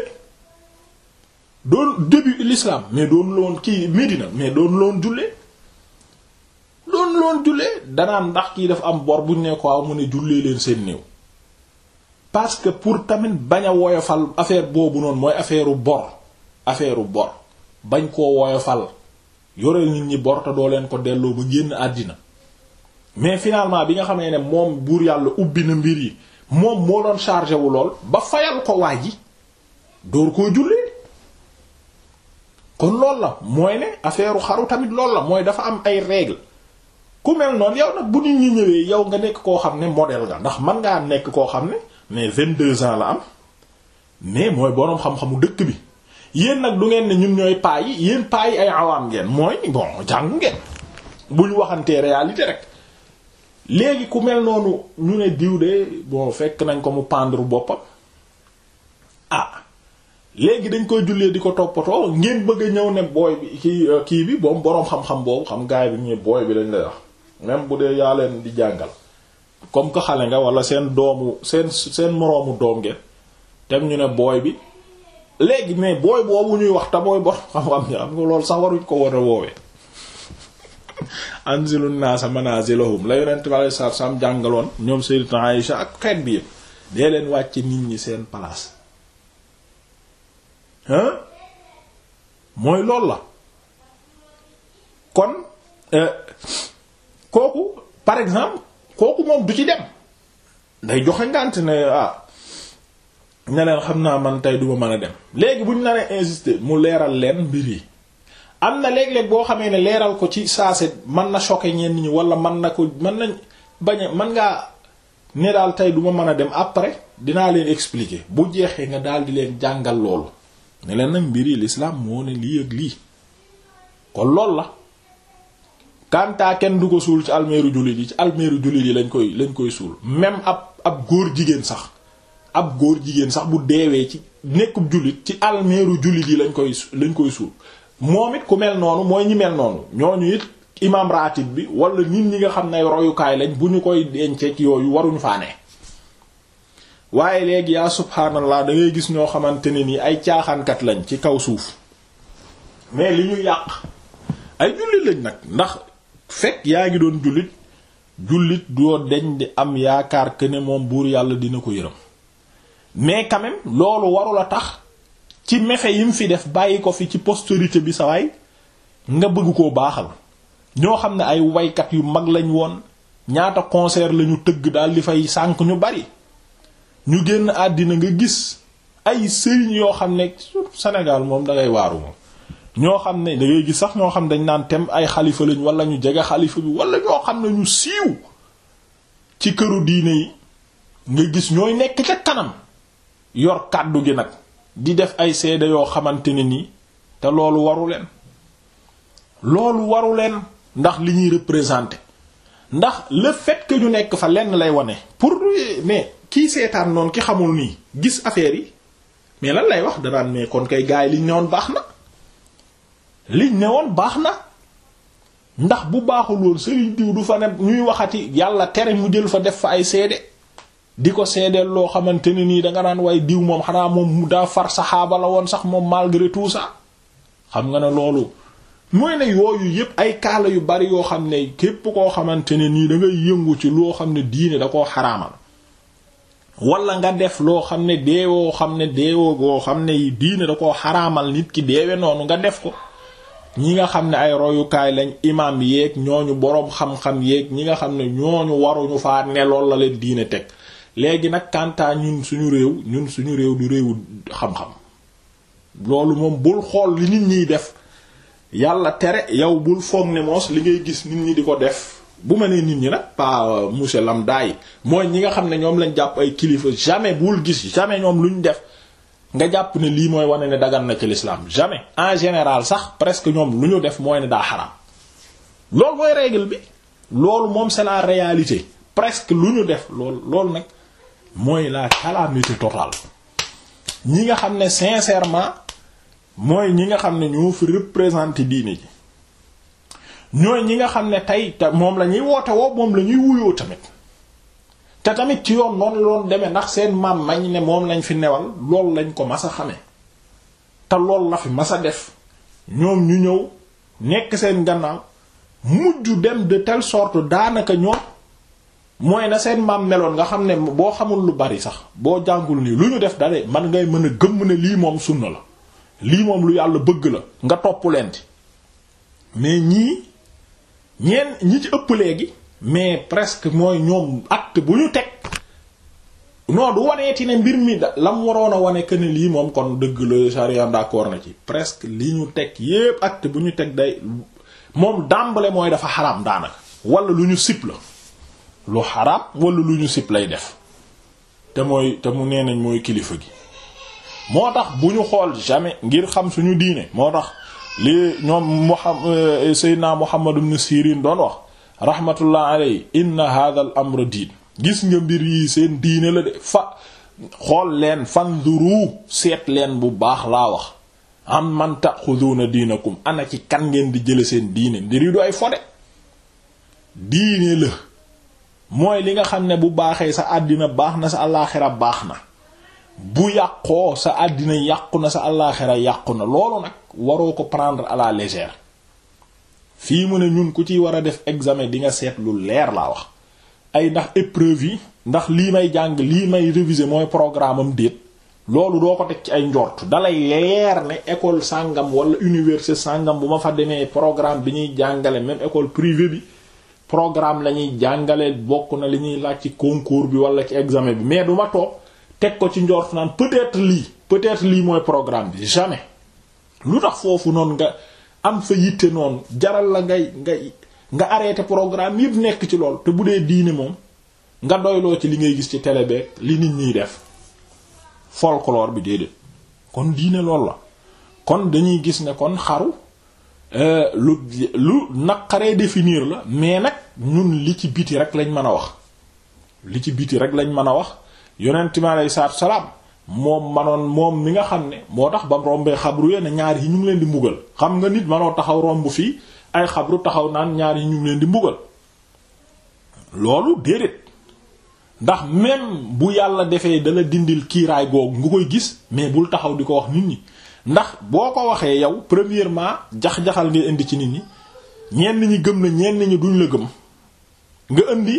doon début l'islam mais doonu loon kii Médina mais doonu loon julle doonu loon julle danaan ndax kii dafa am bor bu buñ ne ko waaw mu ne jullee leen seen néew parce que pour tamit bañ a woyofal affaire boobu noonu mooy affaireu bor affaireu bor bañ koo woyofal yoreel nit ñi bor te doo leen ko delloo ba génn àddina mais finalement bi nga xamee ne moom buur yàlla ubbi na mbir yi moom moo doon chargé wu lool ba fayal ko waay ji door koo jullee kon loolu la mooy ne affaire xaru tamit loolu la mooy dafa am ay règles ku mel noonu yow nag bu nit ñi ñëwee yow nga nekk koo xam ne modèle nga ndax man ngaa nekk koo xam ne mais 22 ans la am mais mooy boroom xam dëkk bi yéen nag du ngeen ne ñun ñooy paa yi yéen paa yi ay awaam mooy bon jàng ngeen buñ waxantee réalité rek. léegi ku mel noonu ñu ne diw de bon fekk nañ ko mu pendre boppam ah léegi dañ koy jullee di ko toppatoo ngeen bëgg ñëw ne booy bi kii euh, bi boom boroom xam-xam boobu xam gaay bi ñu booy bi lañ lay wax même bu dee yaa leen di jàngal comme que xale nga wala seen doomu seen seen moroomu doom ngeen tam ñu ne booy bi léegi mais booy boobu ñuy wax te mooy boroom xam-xam ñi am nga loolu sax waruñ ko war a woowee anzilun naasa manazilahum la yonent bi alayhi salaatu salaam jàngaloon ñoom sayyidat Aïsha ak xeet bi yëpp dee leen wàcce nit ñi seen place mooy loolu la kon euh, kooku par exemple kooku moom du ci dem day joxe ngànt ne ah ne leen xam naa man tey duma mën a dem léegi buñ ñu naree insister mu leeral leen mbir yi am na léeg-léeg boo xamee ne leeral ko ci saase mën na choquer ñenn ñi wala mën na ko mën nañ bañ a mën ngaa ne daal tey du ma mën a dem après dinaa leen expliquer bu jeexee nga daal di leen jàngal loolu ne leen nag mbiri l'islam moo ne lii ak lii kon loolu la kantaa kenn du ko suul ci almeeru jullit yi ci almeeru jullit yi lañ koy lañ koy suul même ab ab góor jigéen sax ab góor jigéen sax bu deewee ci nekkub jullit ci almeeru jullit yi lañ koy lañ koy suul moom it ku mel noonu mooy ñi mel noonu ñooñu it imam ratib bi wala nit ñi nga xam ne royukaay lañ bu ñu koy dencee ci yooyu waruñu faa ne waaye léegi yaa subhaanallah da ngay gis ñoo xamante ne nii ay caaxaankat lañ ci kaw suuf mais li ñu yàq ay jullit lañ nag ndax fekk yaa ngi doon jullit jullit doo deñ di am yaakaar que ne moom buur yàlla dina ko yërëm mais quand même loolu warula tax ci mefe yim fi def bàyyi ko fi ci postérité bi sa waay nga bëgg koo baaxal ñoo xam ne ay waykat yu mag lañ woon ñaata concert lañu tëgg daal di fay sànq ñu bari ñu génn àddina nga gis ay sëriñ yoo xam ne Sénégal moom dangay waaru moom ñoo xam ne da ngay gis sax ñoo xam dañ naan tem ay xalifa lañ walla ñu jege xalifa bi walla ñoo xam ne ñu siiw ci këru diine yi nga gis ñooy nekk ca kanam yor kàddu gi nag di def ay seede yoo xamante ne nii te loolu waru leen loolu waru leen ndax li ñuy représenter ndax le fait que ñu nekk fa lenn lay wane pour mais kii seetaan noonu ki xamul nii gis affaire yi mais lan lay wax danaan mais kon kay gars yi liñ ne woon baax na liñ ne woon baax na ndax bu baaxul woon sëriñ diw du fa ne ñuy waxati yàlla tere mu jël fa def fa ay seede di ko seedeel loo xamante ne nii danga naan waaye diw moom xanaa moom mu daa far saxaaba la woon sax moom malgré tout ça xam nga ne loolu mooy ne yooyu yépp ay kaala yu bari yoo xam ne képp koo xamante ne nii da yëngu ci loo xam ne diine da koo xaraamal wala nga def loo xam ne deewoo xam ne deewoo xam ne diine da koo xaraamal nit ki deewe noonu nga def ko ñi nga xam ne ay royukaay lañ imaam yeeg ñooñu boroom xam-xam yeeg ñi nga xam ne ñooñu waruñu fa ne lool la leen diine teg léegi nag kantaa ñun suñu réew ñun suñu réew du réewu xam-xam loolu moom bul xool li nit ñiy def yàlla tere yow bul foog ne moos li ngay gis nit ñi di ko def bu ma nee nit ñi nag pas euh, monsieur lambda yi mooy ñi nga xam ne ñoom lañ jàpp ay kilifa jamais bul gis jamais ñoom lu ñu def nga jàpp ne lii mooy wane ne dagan na ci lislaam jamais en général sax presque ñoom lu ñu def mooy ne daa xaraam loolu mooy règle bi loolu moom c'est la presque lu ñu def loolu loolu nag mooy la calamité totale ñi nga xam ne sincèrement mooy ñi nga xam ne ñoo fi représenter diine ji ñooy ñi nga xam ne tey moom la ñuy woote woo moom la ñuy wuyoo tamit te tamit ci yoon noonu la doon demee ndax seen maam mañ ne moom lañ fi newal lool lañ ko mas a xame te lool la fi mas a def ñoom ñu ñëw nekk seen gannaaw mujj dem de telle sorte daanaka ñoom mooy na seen maam meloon nga xam ne boo xamul lu bari sax boo jàngul nii lu ñu def dale man ngay mën a gëmm ne lii moom sunna la lii moom lu yàlla bëgg la nga topp leen mais ñii ñeen ñi ëpp léegi mais presque mooy ñoom acte bu ñu teg non du waneeti ne mbir mi da lam waroon a wane que ne lii moom kon dëgg la charia d'accord na ci presque li ñu teg yépp acte bu ñu teg day moom dàmbale mooy dafa xaraam daanaka wala lu ñu sip la lu xaraam wala lu ñu sib lay def te mooy te mu nee nañ mooy kilifa gi moo tax bu ñu xool jamais ngir xam suñu diine moo tax li ñoom Muhammad euh, Seydina Muhammad ibn Sirin doon wax rahmatullah alayhi inna hadha amra diin gis nga mbir yi seen diine la de fa xool leen fanzuru seet leen bu baax laa wax am man taxuduuna diinakum ana ci kan ngeen di jële seen diine mbir yi du ay fode diine la mooy li nga xam ne bu baaxee sa àddina baax na sa àllaaxira baax na bu yàqoo sa àddina yàqu na sa àllaaxira yàqu na loolu nag waroo ko prendre à la légère fii mu ne ñun ku ci war a def examen di nga seet lu leer laa wax ay ndax épreuve yi ndax lii may jàng lii may réviser mooy programme am déet loolu doo ko teg ci ay njort dalay leer ne école sàngam wala université sàngam bu ma fa demee programme bi ñuy jàngale même école privée bi programme lañuy ñuy jàngale bokk na li ñuy laaj ci concours bi wala ci examen bi mais du toog teg ko ci njort naan peut-être lii peut lii mooy programme bi jamais lu tax foofu noonu nga am fa yitte noonu jaral la ngay ngay nga arrêté programme yëpp nekk ci lool te bu dee diine moom nga doyloo ci li ngay gis ci télé beeg li nit ñuy def folklore bi déedéet kon diine lool la kon dañuy gis ne kon xaru euh, lu lu naqaree définir la mais nag ñun li ci biti rek lañ mën a wax li ci biti rek lañ mën a wax yonent mi alayhi salaatu salaam moom manoon moom mi nga xam ne moo tax ba mu rombee xabru yenn ñaar yi ñu ngi leen di mbugal xam nga nit manoo taxaw romb fii ay xabru taxaw naan ñaar yi ñu ngi leen di mbugal loolu déedéet ndax même bu yàlla defee dala dindil kiiraay googu nga koy gis mais bul taxaw di ko wax nit ñi ndax boo ko waxee yow premièrement jax-jaxal nga indi ci nit ñi ñenn ñi gëm la ñenn ñi duñ la gëm nga indi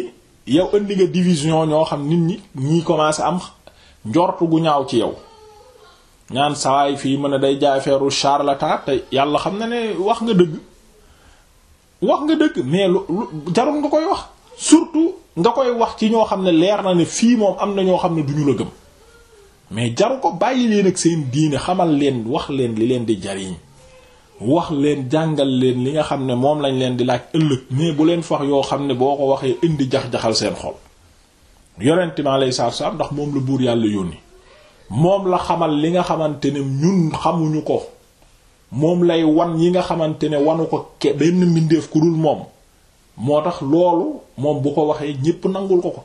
yow indi nga division ñoo xam nit ñi ñii commencé am njortu gu ñaaw ci yow ñaan sawaay fii mën a day jaay feeru charlatan te yàlla xam na ne wax nga dëgg wax nga dëgg mais lu jarul nga koy wax surtout nga koy wax ci ñoo xam ne leer na ne fii moom am na ñoo xam ne du ñu la gëm mais jaru ko bàyyi leen ak seen diine xamal leen wax leen li leen di jariñ wax leen jàngal leen li nga xam ne moom lañ leen di laaj ëllëg mais bu leen fax yoo xam ne boo ko waxee indi jax-jaxal seen xol yonent lay alayhi salaatu salaam ndax moom la buur yàlla yónni moom la xamal li nga xamante ne ñun xamuñu ko moom lay wan yi nga xamante ne wanu ko ke benn mbindeef ku dul moom moo tax loolu moom bu ko waxee ñépp nangul ko ko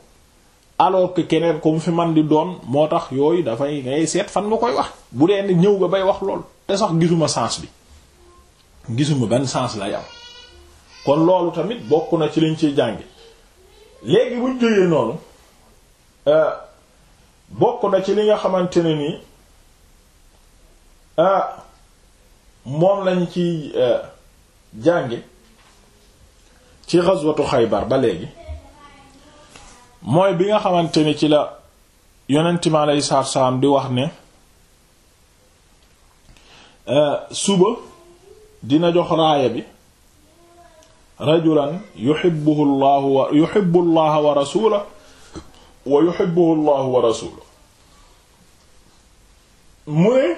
alors que keneen ko mu fi man di doon moo tax yooyu dafay ngay seet fan nga koy wax bu dee ñëw nga bay wax lool te sax bi gisuma ban sens la am kon loolu tamit bokk na ci liñ ci jàngi léegi buñ jógee noonu euh, bokk na ci li nga xamante ne ni euh, moom lañ ci euh, jàngi ci ghazwatu Xaybar ba léegi mooy bi nga xamante ni ci la yonent mi alayhi salaam di wax ne suba dina jox raaya bi rajulan yuhibbuhu llahu wa yuhibbu llaha wa rasulahu wa yuhibbuhu llahu wa rasuluhu mu ne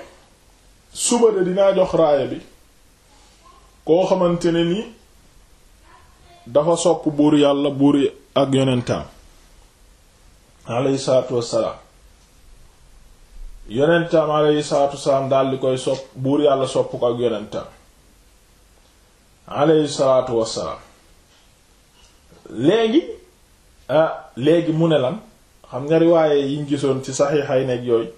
suba de dinaa jox raaya bi koo xamante ne ni dafa sopp buur yàlla buur ak yonentaam alayhi salaatu wassalaam yonentaam alayhi salaatu wassalaam di koy sopp buur yàlla sopp ko ak yonentaam alayhi salaatu wassalaam léegi ah, léegi mu ne lan xam nga riwaaye yiñ gisoon ci saxiixay nekk yooyu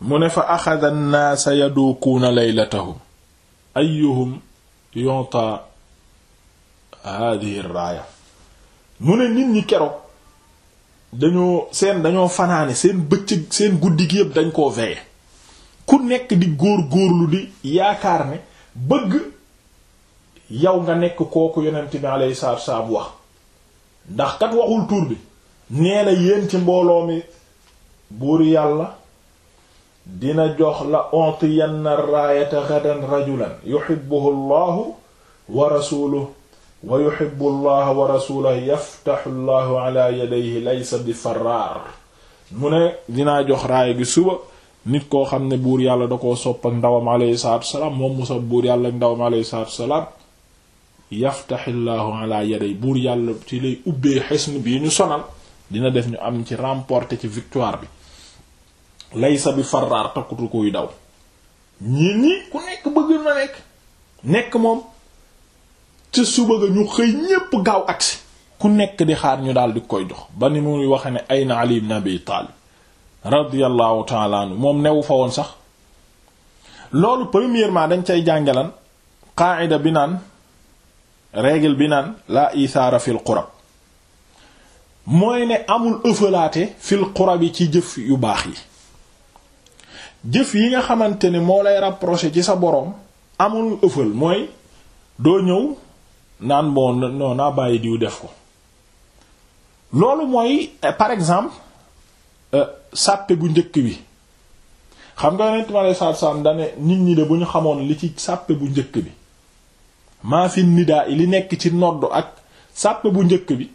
mu ne fa axada nnaasa yaduukuuna laylatahum ayyuhum yonta hadihi raaya mu ne nit ñi keroog dañoo seen dañoo fanaane seen bëccëg seen guddi gi yëpp dañ koo veye ku nekk di góor góorlu di yaakaar ne bëgg yow nga nekk kooku yonent bi alayhi salaatu wassalaam wax ndax kat waxul tur bi nee na yéen ci mbooloo mi buur yàlla dina jox la ontiyanna raayata gadan rajulan yuhibbuhu allahu wa rasuluhu wa yuhibbu allaha wa yaftaxu allahu ala yadayhi bi farraar mu ne dinaa jox raaya gi suba nit koo xam ne buur yàlla da ko sopp ak ndawam alayhi salaatu wassalaam moom mu sopp buur yàlla ak ndawam alayhi salaatu yaftaxillaahu ala yaday buur yàlla ci lay ubbee xisn bii ñu sonal dina def ñu am ci remporter ci victoire bi laysa bi farraar takkutu daw ñii ñi ku nekk bëgg na nekk nekk moom ca suba ga ñu xëy ñépp gaaw agsi ku nekk di xaar ñu daal di koy jox ba ni muy waxe ne ayna ali ibn abi taalib radiyallahu taala moom newu fa woon sax loolu premièrement dañ cay jàngalan qaida bi naan règle bi naan la isaara fil qurab mooy ne amul ëffalaate fil qurab yi ci jëf yu baax yi jëf yi nga xamante ne moo lay rapproché ci sa boroom amul ëffal mooy doo ñëw naan bon noon naa bàyyi diw def ko loolu mooy eh, par exemple eh, sàppe bu njëkk bi xam nga yonent mi aleyhi salaatu nit ñi de bu ñu xamoon li ci sàppe bu njëkk bi maa fi nidaa li nekk ci nodd ak sàpp bu njëkk bi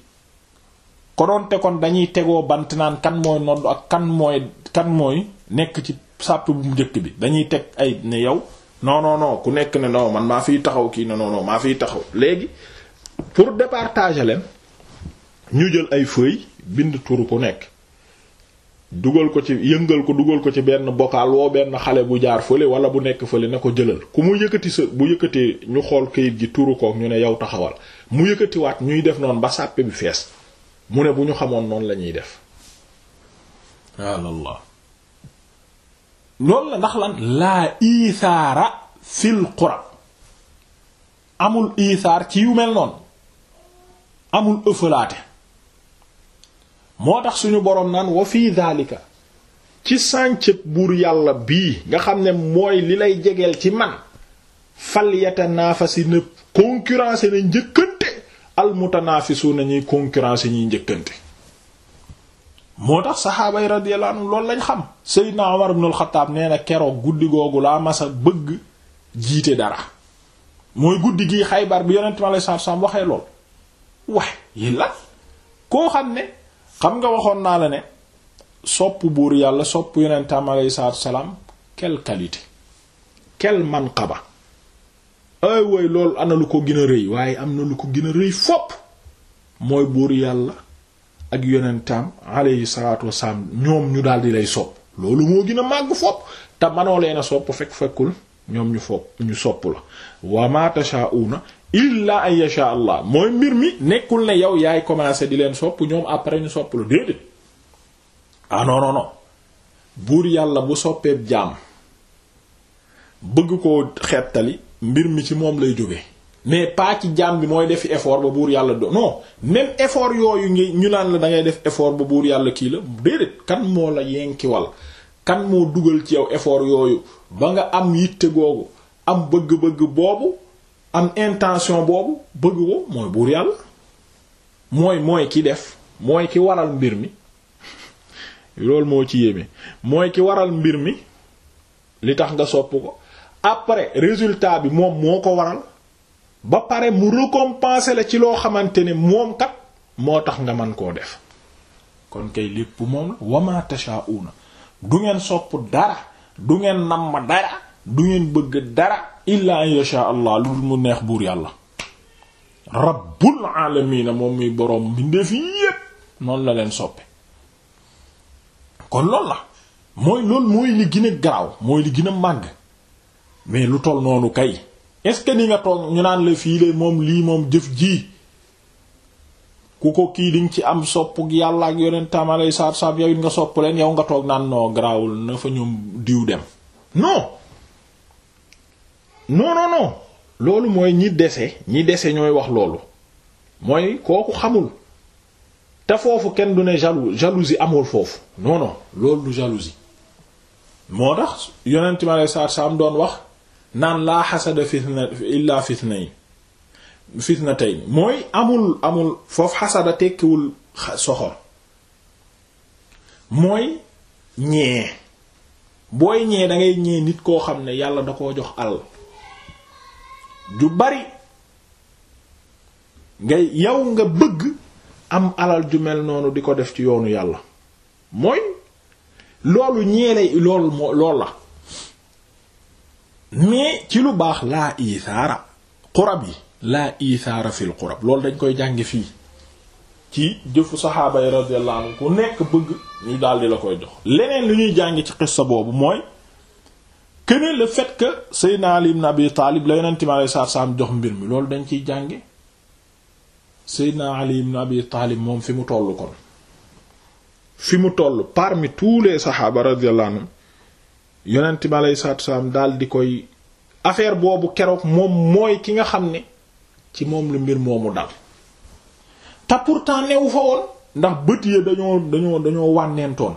konoonte kon dañuy tegoo bant naan kan mooy nodd ak kan mooy kan mooy nekk ci sàpp bu njëkk bi dañuy teg ay ne yow noo noo non ku nekk ne non man maa fiy taxaw kii ne non non maa fiy taxaw léegi pour départager leen ñu jël ay feuilles bind turu ku nekk dugal ko ci yëngal ko dugal ko ci benn bokaal woo benn xale bu jaar fële wala bu nekk fële ne ko jëlal ku mu yëkkati sa bu yëkkatee ñu xool kayit gi tuuru kook ñu ne yow taxawal mu yëkkatiwaat ñuy def noon ba sàppe bi fees mu ne bu ñu xamoon noonu lañuy def yàlla loolu ndax lan laa isaara fil qura amul isaar ci yu mel noon amul ëffalaate moo tax suñu boroom naan wa fii daalika ci sàncëb buur yàlla bii nga xam ne mooy li lay jegeel ci man naa falyata naafasi na concurrence na njëkkante almutanaafisu na ñuy concurrence ñuy njëkkante moo tax saxaaba yi radiyallahu anhum loolu lañ xam Seydina Omar war al-Khattab nee na keroog guddi googu laa masa bëgg jiite dara mooy guddi gii Xaybar bi yonent mi alayhi salaatu salaam waxee lool wax yi la koo xam ne xam nga waxoon naa la ne sopp buur yàlla sopp yonentam aleyhi salaatu salaam quelle qualité quel manqaba ay way loolu ana lu ko gën a rëy waaye am na lu ko gën a rëy fopp mooy buur yàlla ak yonentam aleyhi salaatu wasalaam ñoom ñu daal di lay sopp loolu moo gën a màgg fopp te manoo leen a sopp fekk fekkul ñoom ñu foog ñu sopp la wa ma tashaauna illa an yasha allah mooy mbir mi nekkul ne yow yaay commencé di leen sopp ñoom après ñu sopp la déedéet ah buur yàlla bu soppeeb jaam bëgg ko xettali mbir mi ci moom lay jóge mais pas ci jaam bi mooy defi effort ba buur yàlla do non même yooyu ngi ñu laan la da def effort ba buur yàlla kii la déedéet kan moo la yenkiwal kan moo dugal ci yow effort yooyu ba nga am yitte googu am bëgg-bëgg boobu am intention boobu bëgg ko mooy buur yàlla mooy mooy ki def mooy ki waral mbir mi loolu moo ci mooy ki waral mbir mi li tax nga sopp ko après résultat bi moom moo ko waral ba pare mu récompenser la ci loo xamante ne moom kat moo tax nga mën koo def kon kay lépp moom la wama una du ngeen sopp dara du ngeen namm dara du ngeen bëgg dara illa an yasha allah lu mu neex buur yàlla rabbul alamina moom muy boroom mbindeef yépp noonu la leen soppe kon loolu la mooy lool mooy li gën a mooy li gina a màgg mais lu toll noonu kay est-ce que ni nga toog ñu naan la fii de moom lii moom jëf jii ku ko kii di ci am sopp yàlla ak yonentam alayhi salaatu salaam yow nga sopp leen yow nga toog naan noo garaawul na fa ñoom diw dem non non non non loolu mooy ñi dese ñi dese ñooy wax loolu mooy kooku xamul te foofu kenn du ne jaloux jalousie amul foofu non non loolu du jalousie moo tax yonentam alayhi salaatu salaam doon wax naan laa xasada fitna illa fitnayn fitna tey mooy amul amul foofu xasada tekkiwul soxor mooy ñee booy ñee dangay ñee nit koo xam ne yàlla da koo jox alal ju bari ngay yow nga bëgg am alal ju mel noonu di ko def ci yoonu yàlla mooy loolu ñeelay loolu moo lool la mais ci lu baax laa isaara xurab yi laa isaara fil qurab loolu dañ koy jànge fii ci jëfu saxaaba yi radiyallahu ku nekk bëgg ñu daldi la koy jox leneen lu ñuy jànge ci xissa boobu mooy kene le fait que Seydina Ali ibn la yonent jox mbir mi loolu dañ ciy jànge Seydina Ali ibn Abi Taalib moom fi mu toll kon fi mu toll parmi tous les saxaaba radiyallahu anhum mi alayhi salaatu salaam daal di koy affaire boobu keroog moom mooy ki nga xam ne ci moom la mbir moomu dal te pourtant newu fa woon ndax bët ya dañoo dañoo dañoo wànneentoon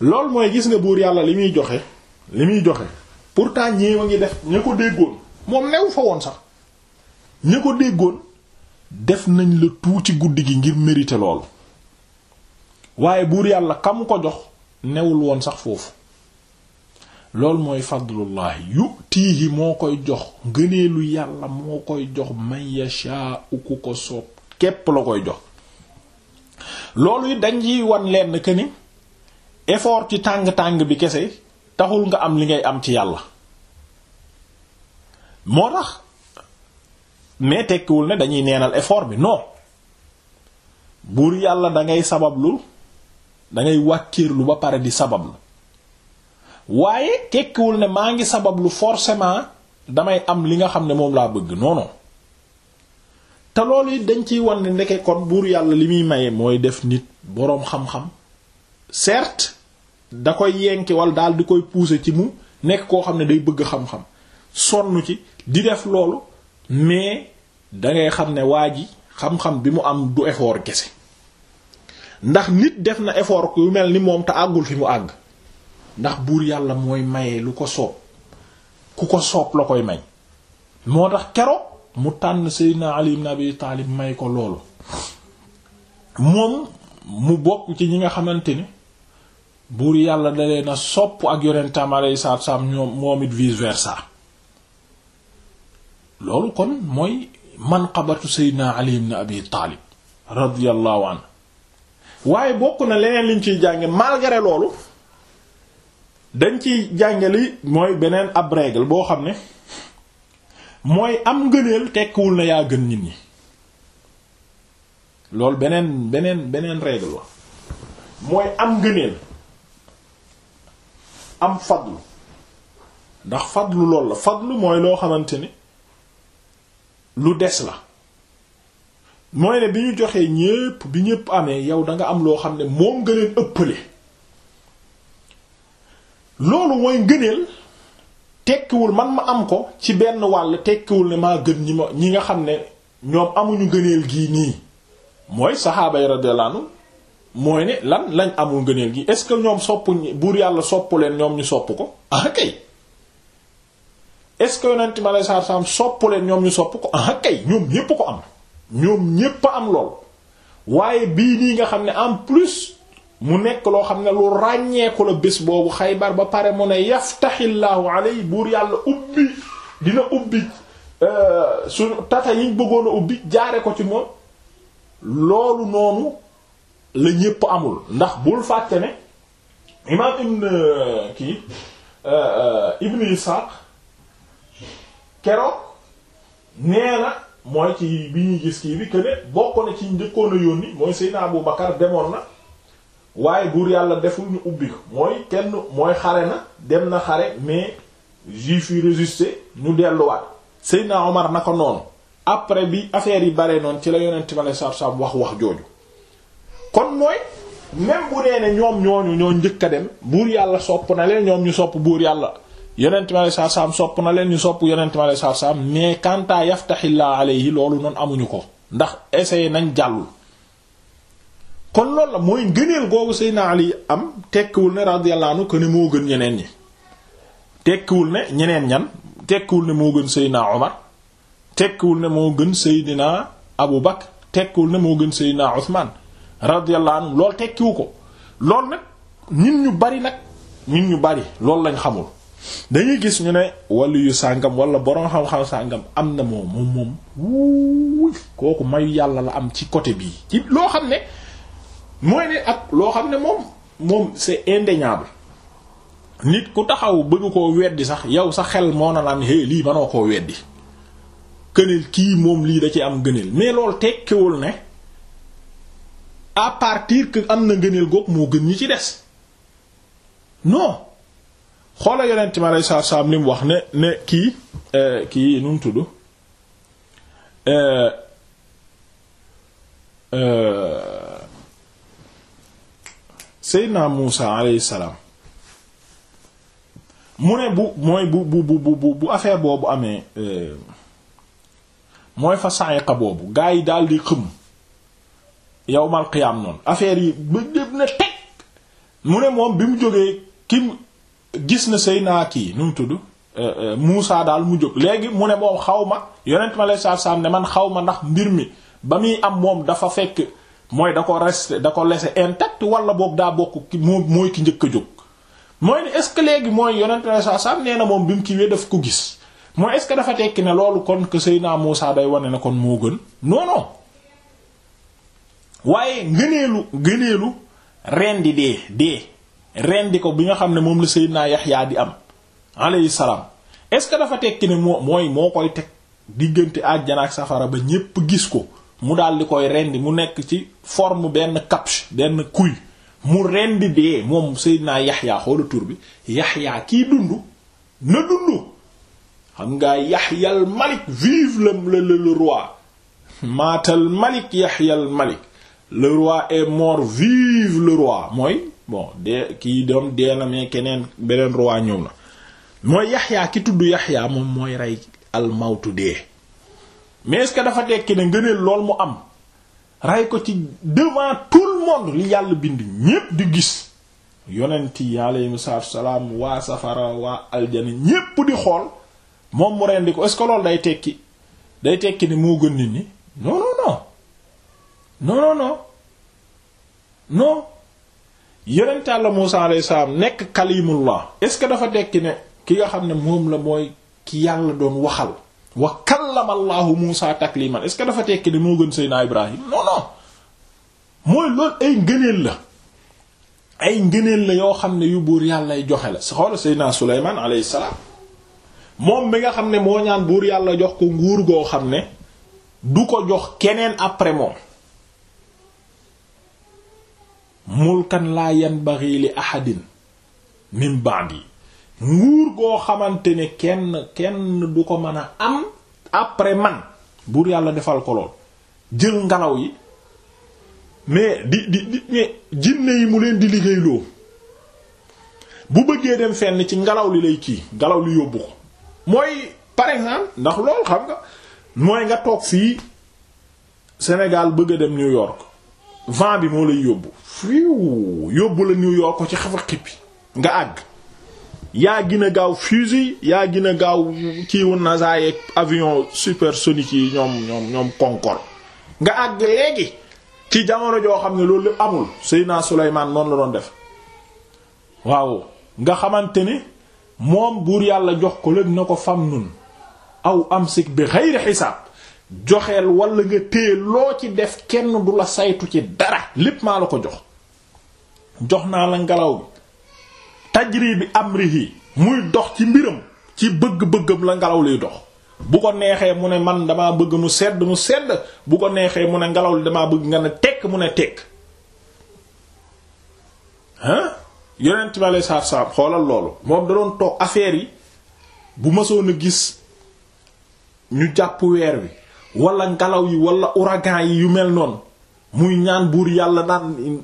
loolu mooy gis ne buur yàlla li muy joxe li muy joxe pourtant ñéew a ngi def ña ko déggoon moom newu fa woon sax ña ko déggoon def nañ la tout ci guddi gi ngir mériter loolu waaye buur yàlla kam ko jox newul woon sax foofu loolu mooy fadlullahi yutiihi moo koy jox ngëneelu yàlla moo koy jox man yashaa'u ku ko soob képp la koy jox loolu yi dañ ciy wan leen que ni effort ci tàng-tàng bi kese taxul nga am li ngay am ci yàlla moo tax mais tekkiwul ne dañuy neenal effort bi non buur yàlla da ngay sabablu dangay ngay wàkkiirlu ba pare di sabablu waaye tekkiwul ne maa ngi sabab lu forcément damay am li nga xam ne moom laa bëgg noonu te loolu it dañ ciy wan ne ndeke kon buur yàlla li muy maye mooy def nit boroom xam-xam certes da koy yenki wala daal di koy pousser ci mu nekk koo xam ne day bëgg xam-xam sonn ci di def loolu mais dangay xam ne waa ji xam-xam bi mu am du effort kese ndax nit def na effort yu mel ni moom te àggul fi mu àgg ndax buur yàlla mooy maye lu ko soob ku ko soob la koy may moo tax keroog mu tànn Seydina Ali ibn Abi Taalib may ko loolu moom mu bokk ci ñi nga xamante ni buur yàlla dalee na sopp ak yonentam alayhi salaatu salaam ñoom moom it vice versa loolu kon mooy manqabatu Seydina Ali ibn Abi Taalib radiyallahu anhu waaye bokk na leneen liñ ciy jànge malgré loolu dañ ci jàngali mooy beneen ab règle boo xam ne mooy am ngëneel tekkiwul na yaa gën nit ñi loolu beneen beneen beneen règle la mooy am ngëneel am fadlu ndax fadlu lool la fadlu mooy loo xamante ni lu des la mooy ne bi ñu joxee ñépp bi ñépp amee yow danga am loo xam ne moom nga leen ëppale loolu mooy ngëneel tekkiwul man ma am ko ci benn wàll tekkiwul ne maa gën ñi ma ñi nga xam ne ñoom amuñu ngëneel gii nii mooy saxaaba yi radiyallahu mooy ne lan lañ amul ngëneel gi est-ce que ñoom soppuñ buur yàlla soppu leen ñoom ñu sopp ko ah kay est-ce que yonent mi alayhi salaatu soppu ñoom ñu sopp ko ah kay ñoom ñépp ko am ñoom ñépp am lool waaye bii nii nga xam ne en plus mu nekk loo xam ne lu ràññeeku la bés boobu xaybar ba pare mu ne yaftaxillaahu alay buur yàlla ubbi dina ubbi euh, su tata yiñ bëggoon a ubbi jaare ko ci moom loolu noonu la ñépp amul ndax bul fàtte ne imaam ibn euh, kii euh, ibn isaaq keroog nee na mooy ci bi ñuy gis kii bi que ne bokk na ci njëkkoon a yónni mooy Seydina Abu Bakar demoon na waaye buur yàlla deful ñu ubbi mooy kenn mooy xare na dem na xare mais juif yi résister ñu delluwaat Seydina Omar naka noonu après bi affaire yi bare noon ci la yonent ma la saab-saab wax wax jooju kon mooy même bu ree ne ñoom ñoo ñu ñoo njëkk a dem buur yàlla sopp na leen ñoom ñu sopp buur yàlla yonent ma la saab-saab sopp na leen ñu sopp yonent ma la saab-saab mais quant à yaftaxillaa alayhi loolu noonu amuñu ko ndax essayé nañ jàllul kon loolu nag mooy ngëneel googu Seydina Ali am tekkiwul ne radiyallahu anhu que ne moo gën ñeneen ñi tekkiwul ne ñeneen ñan tekkiwul ne moo gën Seydina Omar tekkiwul ne moo gën Seydina Abu Bakr tekkiwul ne moo gën Seydina Ousmane radiyallahu anhu loolu tekkiwu ko lool nag nit ñu bari nag nit ñu bari loolu lañ xamul dañuy gis ñu ne wàllu yu sàngam wala borom xam-xam sàngam am na moom moom wuuy kooku mayu yàlla la am ci côté bii loo xam ne. mooy ne ak loo xam ne moom moom c'est indéniable nit ku taxaw bëgg koo weddi sax yow sa xel moo na naan hé lii manoo koo weddi këneel kii moom lii da ci am gëneel mais loolu tekkiwul ne à partir que am na ngëneel goog moo gën ñi ci des no xoola yonent mi alei saatu salaam li mu wax ne ne kii euh, kii nu mu tudd euh, euh, seydna Muusa alayhi salaam mu ne bu mooy bu bu bu bu bu affaire boobu amee euh, mooy fa sa'iqa boobu gaa yi daal di xëm yawmal qiyaam noonu affaire yi ba déb na teg mu ne moom bi mu jógee ki gis na seydna kii nu mu tudd euh, euh, Muusa daal mu jóg léegi mu ne moom xaw ma yonent ma lay saar saam ne man xaw ma ndax mbir mi ba muy am moom dafa fekk mooy da ko resté da ko laissé intact wala boog daa bokk ki moo mooy ki njëkk a jóg mooy ne est ce que léegi mooy yonent na sa sam nee na moom bi mu kiiwee daf ko gis mooy est ce que dafa tekki ne loolu kon que Seydina Muusaa day wane ne kon moo gën non non waaye ngëneelu ngëneelu rendi dee dee ko bi nga xam ne moom la Seydina Yaxyaa di am alayhi salaam est ce que dafa tekki ne moo mooy moo koy teg diggante àjjana ak safara ba ñépp gis ko mu daal di koy rendi mu nekk ci forme benn kapsh benn kuy mu rendi dee moom naa Yaxya xoola tur bi Yaxya kii dund na dund xam nga Yaxya al Malik vive le le le roi maatal Malik Yaxya Malik le roi est mort vive le roi mooy bon dee kii doom dee na mais keneen beneen roi ñëw na mooy Yaxya ki tudd Yaxya moom mooy rey al dee mais est que dafa tekki ne ngëneel lool mu am ray ko ci devant tout monde li yàlla bind ñépp di gis yonent yi aleyhim salaam waa safara waa aljana ñépp di xool moom rendi ko est que loolu day tekki day tekki ne moo gën nit ñi non non non non non salaam nekk kalimullah est-ce que dafa tekki ne ki nga xam ne moom la mooy ki yàlla doon waxal wa kallama allahu Muusa takliman est-ce dafa tekki ne moo gën Seydina Ibrahim non non mooy loolu ay ngëneel la ay ngëneel la yoo xam ne yu buur yàllay joxe la si xoola Seydina Sulaymaan alayhi salaam moom mi nga xam ne moo ñaan buur yàlla jox ko nguur goo xam ne du ko jox keneen après moom mulkan laa yanbaghi li ahadin min ba'di nguur goo xamante ne kenn kenn du ko mën a am après man buur yàlla defal ko lool jël ngalaw yi mais di di di mais jinne yi mu leen di liggéey liggéeyloo bu bëggee dem fenn ci ngelaw li lay kii ngelaw li yóbbu ko mooy par exemple ndax lool xam nga mooy nga toog fii senegal bëgg a dem New York vent bi moo lay yóbbu fiw yóbbu la New York ci xafa xippi nga àgg yaa gën gaaw fusil yaa gën a gaaw kiiwu nasa yeeg avion supersonique yi ñoom ñoom ñoom nga àgg léegi ci jamono joo xam ne loolu lépp amul Seydina Souleymane noonu la doon def waaw nga xamante ni moom buur yàlla jox ko lépp na ko fam nun aw amsik bi xeyri xisaab joxeel wala nga téye loo ci def kenn du la saytu ci dara lépp maa la ko jox jox naa la ngelaw tajri bi amrihi muy dox ci mbiram ci bëgg-bëggam la ngelaw liy dox bu ko neexee mu ne man dama bëgg mu sedd mu sedd bu ko neexee mu ne ngelaw li damaa bëgg nga ne tekk mu ne tekk ah yonent bi alei saatu xoolal loolu moom da doon toog affaire yi bu mësoon a gis ñu jàpp weer wi wala ngelaw yi wala ouragan yi yu mel noonu muy ñaan buur yàlla naan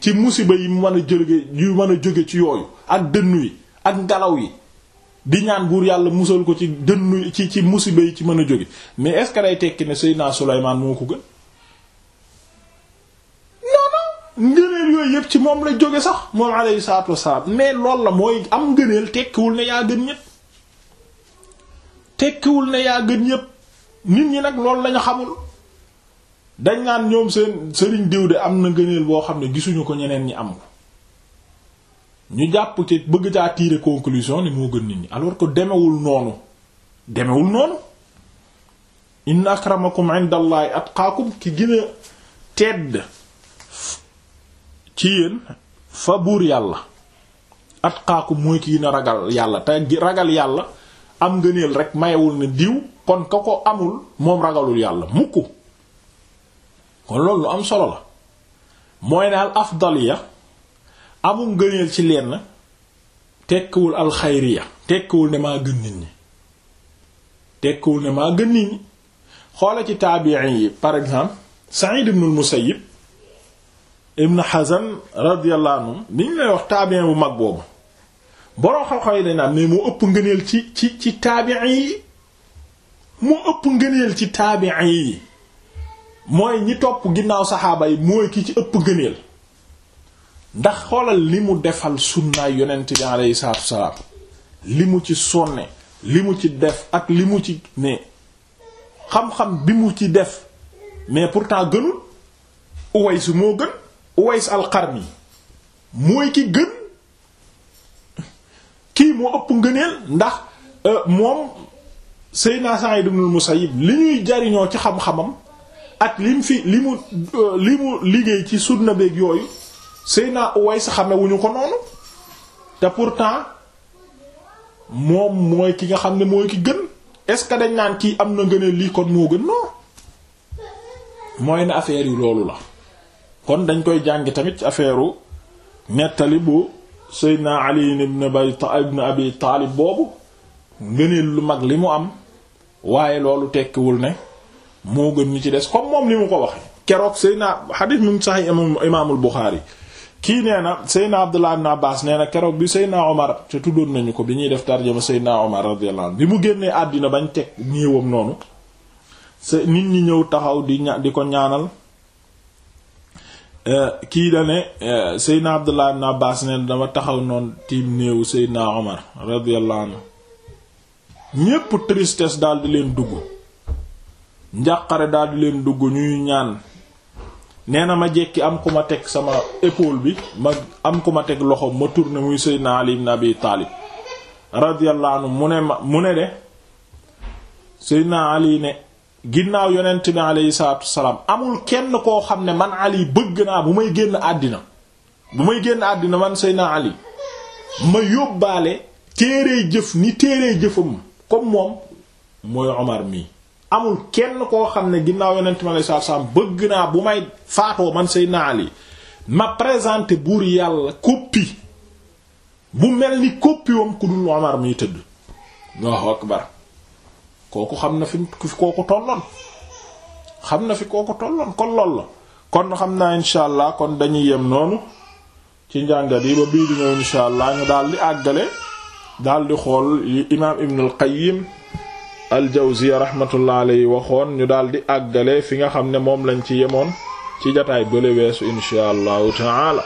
ci musiba yi mën a jóge yu mën a jóge ci yooyu ak dënnu yi ak ngelaw yi di ñaan buur yàlla musal ko ci dënnu ci ci musiba yi ci mën a jóge mais est-ce que day tekki ne Seydina Souleymane moo ko gën non non yooyu yëpp ci moom la jóge sax moom alayhi salaatu wassalaam mais loolu la mooy am ngëneel tekkiwul ne yaa gën ñëpp tekkiwul ne yaa gën ñëpp nit ñi nag loolu lañu xamul dañ naan ñoom seen sëriñ diw de am na ngëneel boo xam ne gisuñu ko ñeneen ñi am ñu jàpp ci bëgg caa tirer conclusion ni moo gën nit ñi alors que demewul noonu demewul noonu inna akramakum indallahi atqaakum ki gën a tedd ci yéen fa buur yàlla atqaakum mooy ki gën a ragal yàlla te ragal yàlla am ngëneel rek mayewul ne diw kon ka ko amul moom ragalul yàlla mukk kon loolu am solo la mooy ne al afdaliya amul ngëneel ci lenn tekkiwul al xayriya tekkiwul ne maa gën nit ñi tekkiwul ne maa gën nit ñi xoola ci taabiin yi par exemple Sa'id ibn al-Musayyib ibn Hazan radiyallahu ni ñu lay wax taabiin bu mag boobu boroo xam-xam yi dañ naan mais moo ëpp ngëneel ci ci ci yi moo ëpp ngëneel ci taabiin yi mooy ñi topp ginnaaw saxaaba yi mooy ki ci ëpp gëneel ndax xoolal li mu defal sunnaay yonent bi aleyhi salaatu wasalaam li mu ci sonne li mu ci def ak li mu ci ne xam-xam bi mu ci def mais pourtant gënul Uways moo gën Uways al-Qarni mooy ki gën kii moo ëpp ngëneel ndax euh, moom Seydina Sa'id ibn al-Musayyib li ñuy jariñoo ci xam-xamam ak lim fi li mu euh, li mu liggéey ci sunna beeg yooyu Seyna Uways xame wu ñu ko noonu te pourtant moom mooy ki nga xam ne mooy ki gën est-ce que dañ naan kii am na ngëneel lii kon moo gën non mooy na affaire yi loolu la kon dañ koy jàngi tamit ci affaire u nettali bu Seydina Ali ibn Bay ibn Abi Taalib boobu ngëneel lu mag li mu am waaye loolu tekkiwul ne moo gën ñu ci des comme moom li mu ko waxee keroog Seyna xadiis mu ngi sax imaamul Buxaari kii nee na Seyna Abdullah ibn Abbas nee na keroog bi Seyna Omar te tuddoon nañu ko bi ñuy def tarjama Seyna Omar radiyallahu anhu bi mu génnee àddina bañ teg néewam noonu se nit ñi ñëw taxaw di ña di ko ñaanal euh, kii da ne euh, Seyna Abdullah ibn Abbas nee na dama taxaw noonu tiim néewu Seyna Omar radiyallahu anhu ñépp tristesse daal di leen dugg. njàqare daldi leen dugg ñuy ñaan nee na ma jekki am ku ma teg sama épaule bi ma am ku ma teg loxo ma tourné muy Seydina Ali ibn Abi Taalib radiyallahu anhu mu ne ma mu ne de Seydina Ali ne ginnaaw yonent bi aleyhi salaam amul kenn koo xam ne man Ali bëgg naa bu may génn àddina bu may génn àddina man Seydina Ali ma yóbbaale téere jëf ni téere jëfam comme moom mooy Omar mii amul kenn koo xam ne ginnaaw yonent mi alayhi salaatu salaam bëgg naa bu may faatoo man Seydina Ali ma présenté buur yàlla koppi bu mel ni copie wam ku dul Omar miy tëdd Allahu akbar kooku xam na fi kooku tolloon xam na fi kooku tolloon kon lool la kon xam naa insha allah kon dañuy yem noonu ci njàngat yi ba bii di ñëw insha allah daal di àggale daal di xool yi imaam Ibn al aljawziya rahmatullah alayhi waxoon ñu daal di àggale fi nga xam ne moom lañ ci yemoon ci jataay bële weesu inshaa allahu taala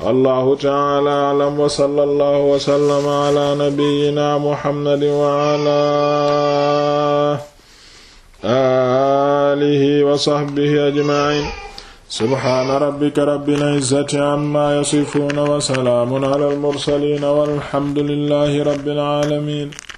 wallahu taala alam wa sallallahu wa sallama ala nabiyyina muhammadin wa ala alihi wa sahbihi ajma'in subhana rabbika rabbil izzati amma yasifuna wa salamun ala al mursalin walhamdulillahi rabbil alamin